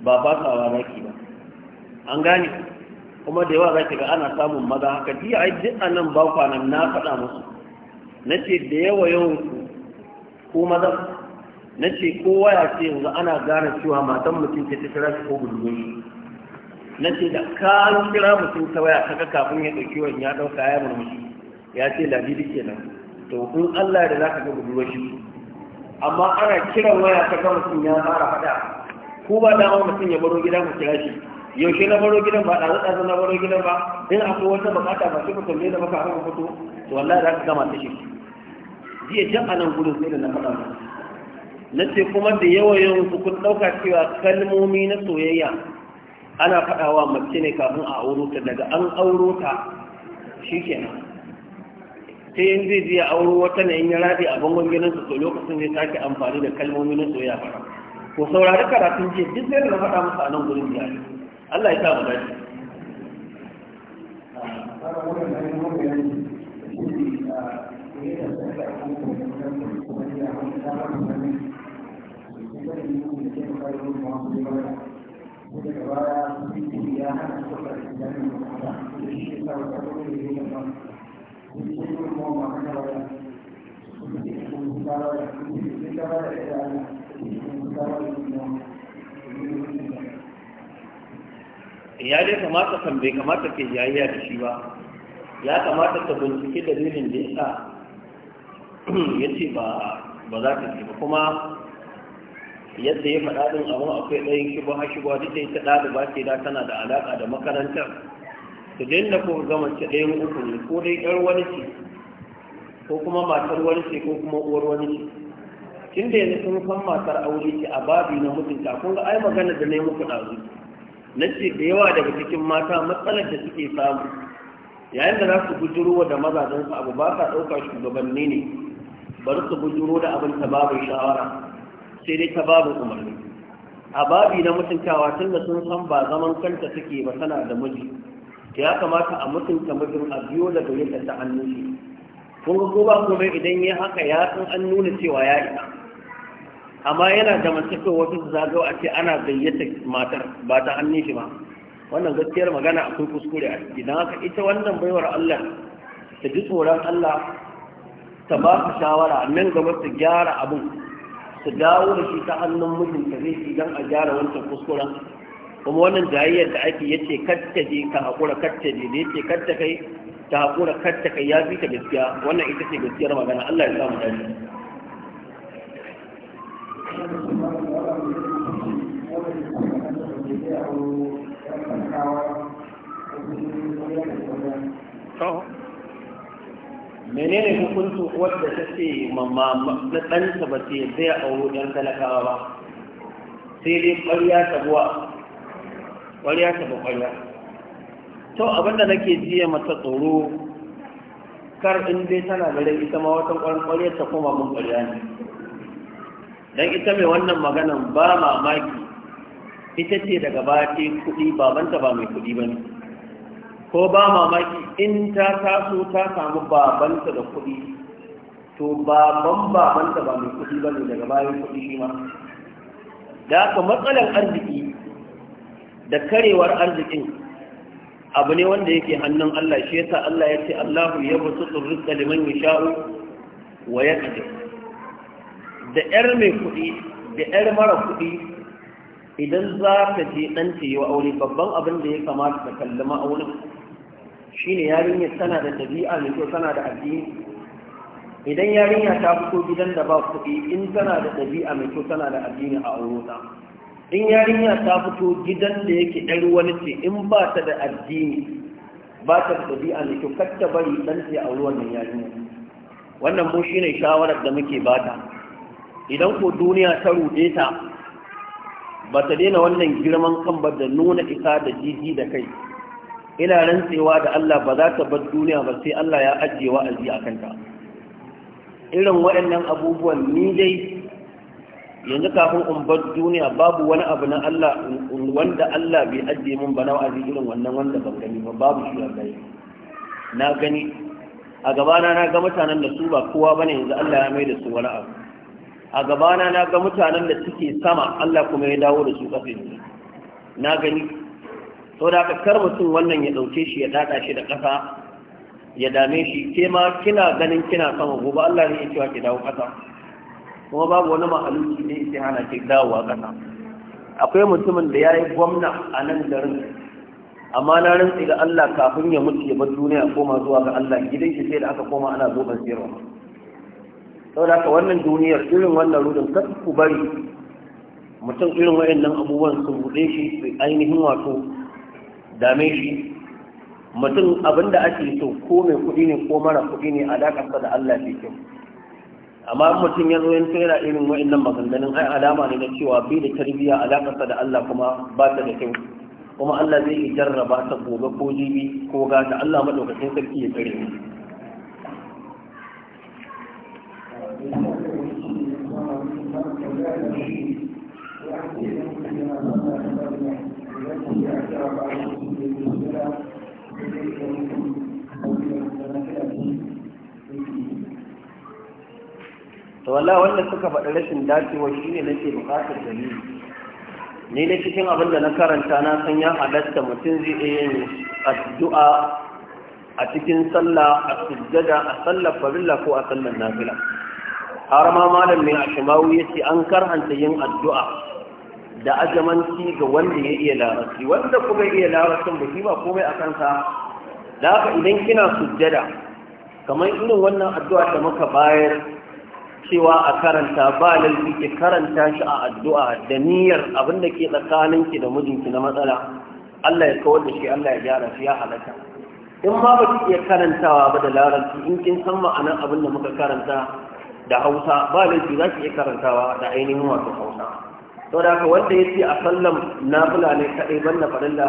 ba ba sawa zaki ba an gane kuma da yawa zaki ga ana samun maza haka jiya ai duk anan ba kwanan na faɗa musu nace da yawa yawan ko maza nace kowa ya ce yanzu ana gane cewa matan mutum ke ta shi ko gudunmi nace da ka kira mutum ta waya kaga kafin ya ɗauki wani ya ɗauka ya murmushi ya ce ladidi kenan to in Allah da zaka ga budurwar shi amma ana kiran waya ta ga mutum ya fara faɗa ko ba wani mutum ya baro gidan ku kira shi yaushe na baro gidan ba ɗazu ɗazu na baro gidan ba in akwai wata bukata ba shi ku tambaye da baka haka fito to wallahi za ka gama ta shi jiya jan a nan gudun sai da na faɗa ba na ce kuma da yawayin ku kun ɗauka cewa kalmomi na soyayya ana faɗawa mace ne kafin a auro ta daga an auro ta shi sai yin zai je ya auro wata na yin ya rabe a bangon su to lokacin zai sake amfani da kalmomi na soyayya fara ko saurari karatun jiya duk zai na faɗa masa a nan gurin biya Allah ya sa mu dace Thank you. ya dai kamata kan bai kamata ke jayayya da shi ba ya kamata ta bincike dalilin da ya sa ya ce ba za ta ce ba kuma yadda ya faɗa ɗin abin akwai ɗayin shigo ha shigo duk da ita ɗaliba ce da tana da alaƙa da makarantar to daina ko ko ga mace ɗayan uku ne ko dai ƴar wani ce ko kuma matar wani ce ko kuma uwar wani ce tun da yanzu sun san matar aure ce a babi na mutunta kun ga ai magana da ne muku ɗazu na ce da yawa daga cikin mata matsalar da suke samu yayin da za su bujuro da mazajensu abu ba sa ɗauka shugabanni ne bari su bujuro da abin ta babu shawara sai dai ta babu umarni a babi na mutuntawa tun da sun san ba zaman kanta suke ba tana da miji ya kamata a mutunta mutum a biyo daga yadda ta hannu shi kun ga ko ba idan ya haka ya san an nuna cewa ya isa amma yana da mace wato su zagawa a ce ana gayyata matar ba ta hannu shi ba wannan gaskiyar magana akwai kuskure a ciki dan haka ita wannan baiwar Allah ta ji tsoron Allah ta ba su shawara nan gaba ta gyara abin su dawo da shi ta hannun mijinta zai idan a gyara wancan kuskuren kuma wannan jayayyar da ake yace katta je ka hakura katta je ne yace katta kai ta hakura katta kai ya bi ta gaskiya wannan ita ce gaskiyar magana Allah ya samu dani menene hukuncin wadda ta ce mamma na ɗanta ba ce zai auro ɗan talakawa ba sai dai ƙwarya tabuwa ƙwarya ta ƙwarya to abinda nake jiya mata tsoro kar in dai tana da rai ita ma wata ƙwarƙwarya ta koma mun ƙwarya ne dan ita mai wannan maganan ba mamaki ita ce daga baya ta kuɗi babanta ba mai kuɗi ba ne ko ba mamaki in ta taso ta samu babanta da kuɗi to baban babanta ba mai kuɗi ba ne daga bayan kuɗi shi ma da aka matsalar arziki da karewar arzikin abu ne wanda yake hannun Allah shi yasa Allah ya ce Allahu ya basutu rizqa liman yasha'u wa yaqdir da yar mai kuɗi da ƴar mara kuɗi idan za ka je ta yi wa aure babban abin da ya kamata ka kalli ma'aunin shine yarinya tana da ɗabi'a mai kyau tana da addini idan yarinya ta fito gidan da ba kuɗi in tana da dabi'a mai kyau tana da addini a aurota in yarinya ta fito gidan da yake ɗan wani ce in ba ta da addini ba ta da ɗabi'a mai kyau bari ɗan a ruwan nan yarinya wannan mu ne shawarar da muke bata idan ko duniya ta ruɗe ta ba ta daina wannan girman kan ba da nuna isa da jiji da kai ina rantsewa da Allah ba za ta bar duniya ba sai Allah ya ajiye wa'azi a kanta irin waɗannan abubuwan ni dai yanzu kafin in bar duniya babu wani abu na Allah wanda Allah bai ajiye min ba na wa'azi irin wannan wanda ban gani ba babu shi a gani na gani a gabana na ga mutanen da su ba kowa bane yanzu Allah ya mai da su wani abu a gabana na ga mutanen da suke sama Allah kuma ya dawo da su kafin yanzu na gani to da aka kar mutum wannan ya dauke shi ya dada shi da kasa ya dame shi ke ma kina ganin kina sama gobe Allah ne ya cewa ki dawo kasa kuma babu wani mahaluki ne sai hana ke dawowa ƙasa akwai mutumin da ya yi gwamna a nan garin amma na rantsi ga Allah kafin ya mutu ya bar duniya koma zuwa ga Allah gidan shi sai da aka koma ana zo ban sayarwa saboda haka wannan duniyar irin wannan rudin kar ku bari mutum irin wayannan abubuwan su bude shi su ainihin wato dame shi mutum abinda ake so ko mai kuɗi ne ko mara kuɗi ne a alaƙarsa da Allah ke kyau amma mutum ya zo yanzu irin wa'annan maganganun ai alama ne na cewa bai da tarbiyya alakarsa da Allah kuma ba ta da kyau kuma Allah zai jarraba ta gobe ko jibi ko gata Allah madaukakin sarki ya tsare mu wala wanda suka faɗi rashin dacewa shi ne nake buƙatar dalili ni na cikin abin da na karanta na san ya halatta mutum zai iya yin addu'a a cikin sallah a sujjada a sallar farilla ko a sallar nafila har ma malam mai ashimawu ya ce an karanta yin addu'a da ajamanci ga wanda ya iya larabci wanda kuma iya larabcin ba shi ba komai a kansa da haka idan kina sujjada kamar irin wannan addu'a da muka bayar cewa a karanta ba laifi ki karanta shi a addu'a da niyyar abin da ke tsakaninki da mijinki na matsala Allah ya kawar da shi Allah ya gyara shi ya halaka in ma ba iya karantawa ba da larabci in kin san ma'anar abin da muka karanta da Hausa ba laifi za ki iya karantawa da ainihin wato Hausa to da wanda ya ce a sallam nafila ne kaɗai ban na farilla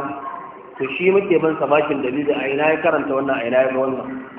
to shi muke ban sa bakin dalili a ina ya karanta wannan a ina ya ga wannan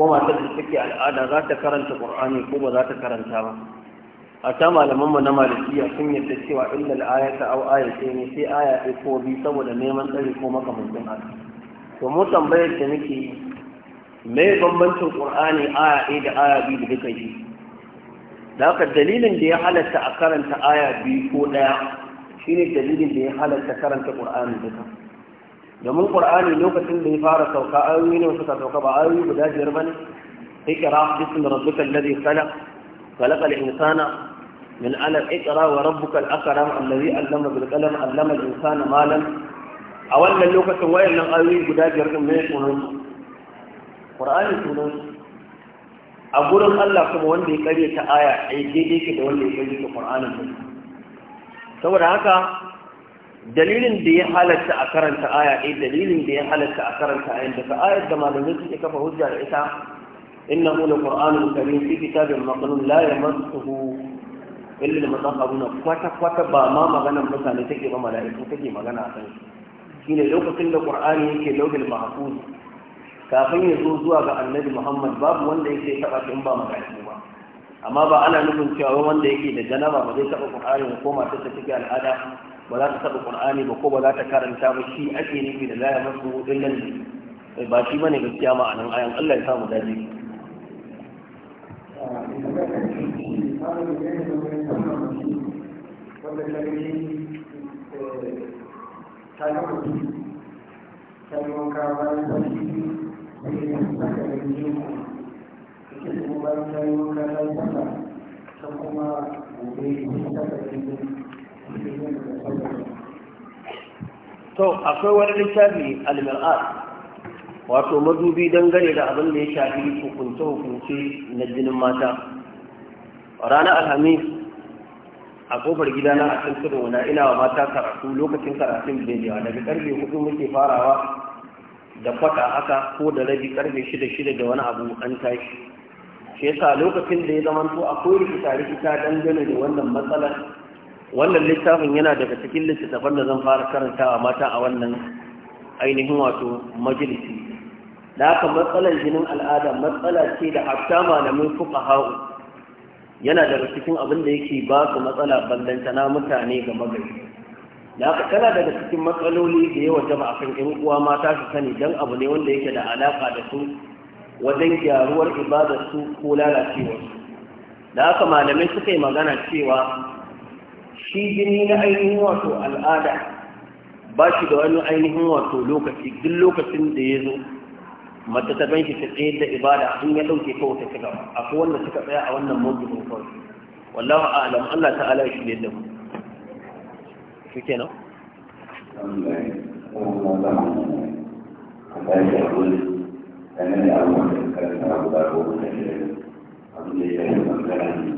ko matar da take al'ada za ta karanta ƙur'ani ko ba za ta karanta ba a ta malaman mu na malikiya sun yadda cewa inda al'ayata au ayata ne sai aya ɗaya ko bi saboda neman tsari ko makamancin haka to mu tambayar da nake me bambancin ƙur'ani aya ɗaya da aya biyu da duka yi da haka dalilin da ya halatta a karanta aya biyu ko ɗaya shine dalilin da ya halatta karanta ƙur'ani duka domin qur'ani lokacin da ya fara sauka ayoyi ne suka sauka ba ayoyi guda biyar bane ikra bismi rabbikal ladhi khalaq khalaqal insana من علم اقرا وربك الاكرم الذي علم بالقلم علم الانسان ما لم a wannan lokacin wayannan ayoyi guda biyar din ne sunan Qur'ani sunan a gurin Allah kuma wanda ya kare ta aya ai daidai ke da wanda ya kare ta Qur'anin saboda haka dalilin da ya halatta a karanta aya ɗaya dalilin da ya halarta a karanta aya daga ayar da malamai suke kafa hujja da ita innahu laqur'anun karim fi kitabin maqnun la yamassuhu illa al-mutahharun kwata kwata ba ma maganar mutane take ba mala'iku take magana akan shi ne lokacin da qur'ani yake lauhil mahfuz kafin ya zo zuwa ga annabi muhammad babu wanda yake taba in ba mala'iku ba amma ba ana nufin cewa wanda yake da janaba ba zai taba qur'ani ko ma ta cikin al'ada ba za ta taɓa ƙur'ani ba ko ba za ta karanta ba shi ake nufi da laya masu illan ne eh, ba shi bane gaskiya ma'anan ayan Allah ya samu dace ta kuma gobe ta to akwai wani littafi al-mir'at wato madubi dangane da abin da ya shafi hukunce hukunce na jinin mata Rana alhamis a kofar gidana a cikin tudun na ina wa mata karatu lokacin karatun bidiyo daga karfe hudu muke farawa da kwata haka ko da rabi karfe shida shida da wani abu an tashi shi yasa lokacin da ya zamanto akwai rikita rikita dangane da wannan matsalar wannan littafin yana daga cikin littattafan da zan fara karantawa mata a wannan ainihin wato majalisi da haka matsalar jinin al'ada matsala ce da hatta malamin fuka hau yana daga cikin abin da yake ba su matsala ballantana mutane ga magani da haka daga cikin matsaloli da yawa jama a kan yan uwa mata su sani don abu ne wanda yake da alaƙa da su wajen gyaruwar ibadar su ko lalacewar su da aka malamai suka yi magana cewa shi jini na ainihin wato al'ada ba shi da wani ainihin wato lokaci duk lokacin da ya zo mata ta ganshi ta tsaye da ibada sun ya ɗauke ta wata cika akwai wanda suka tsaya a wannan mawdu'in kawai wallahu a'lam Allah ta'ala shi ne da mu shi ke nan da ya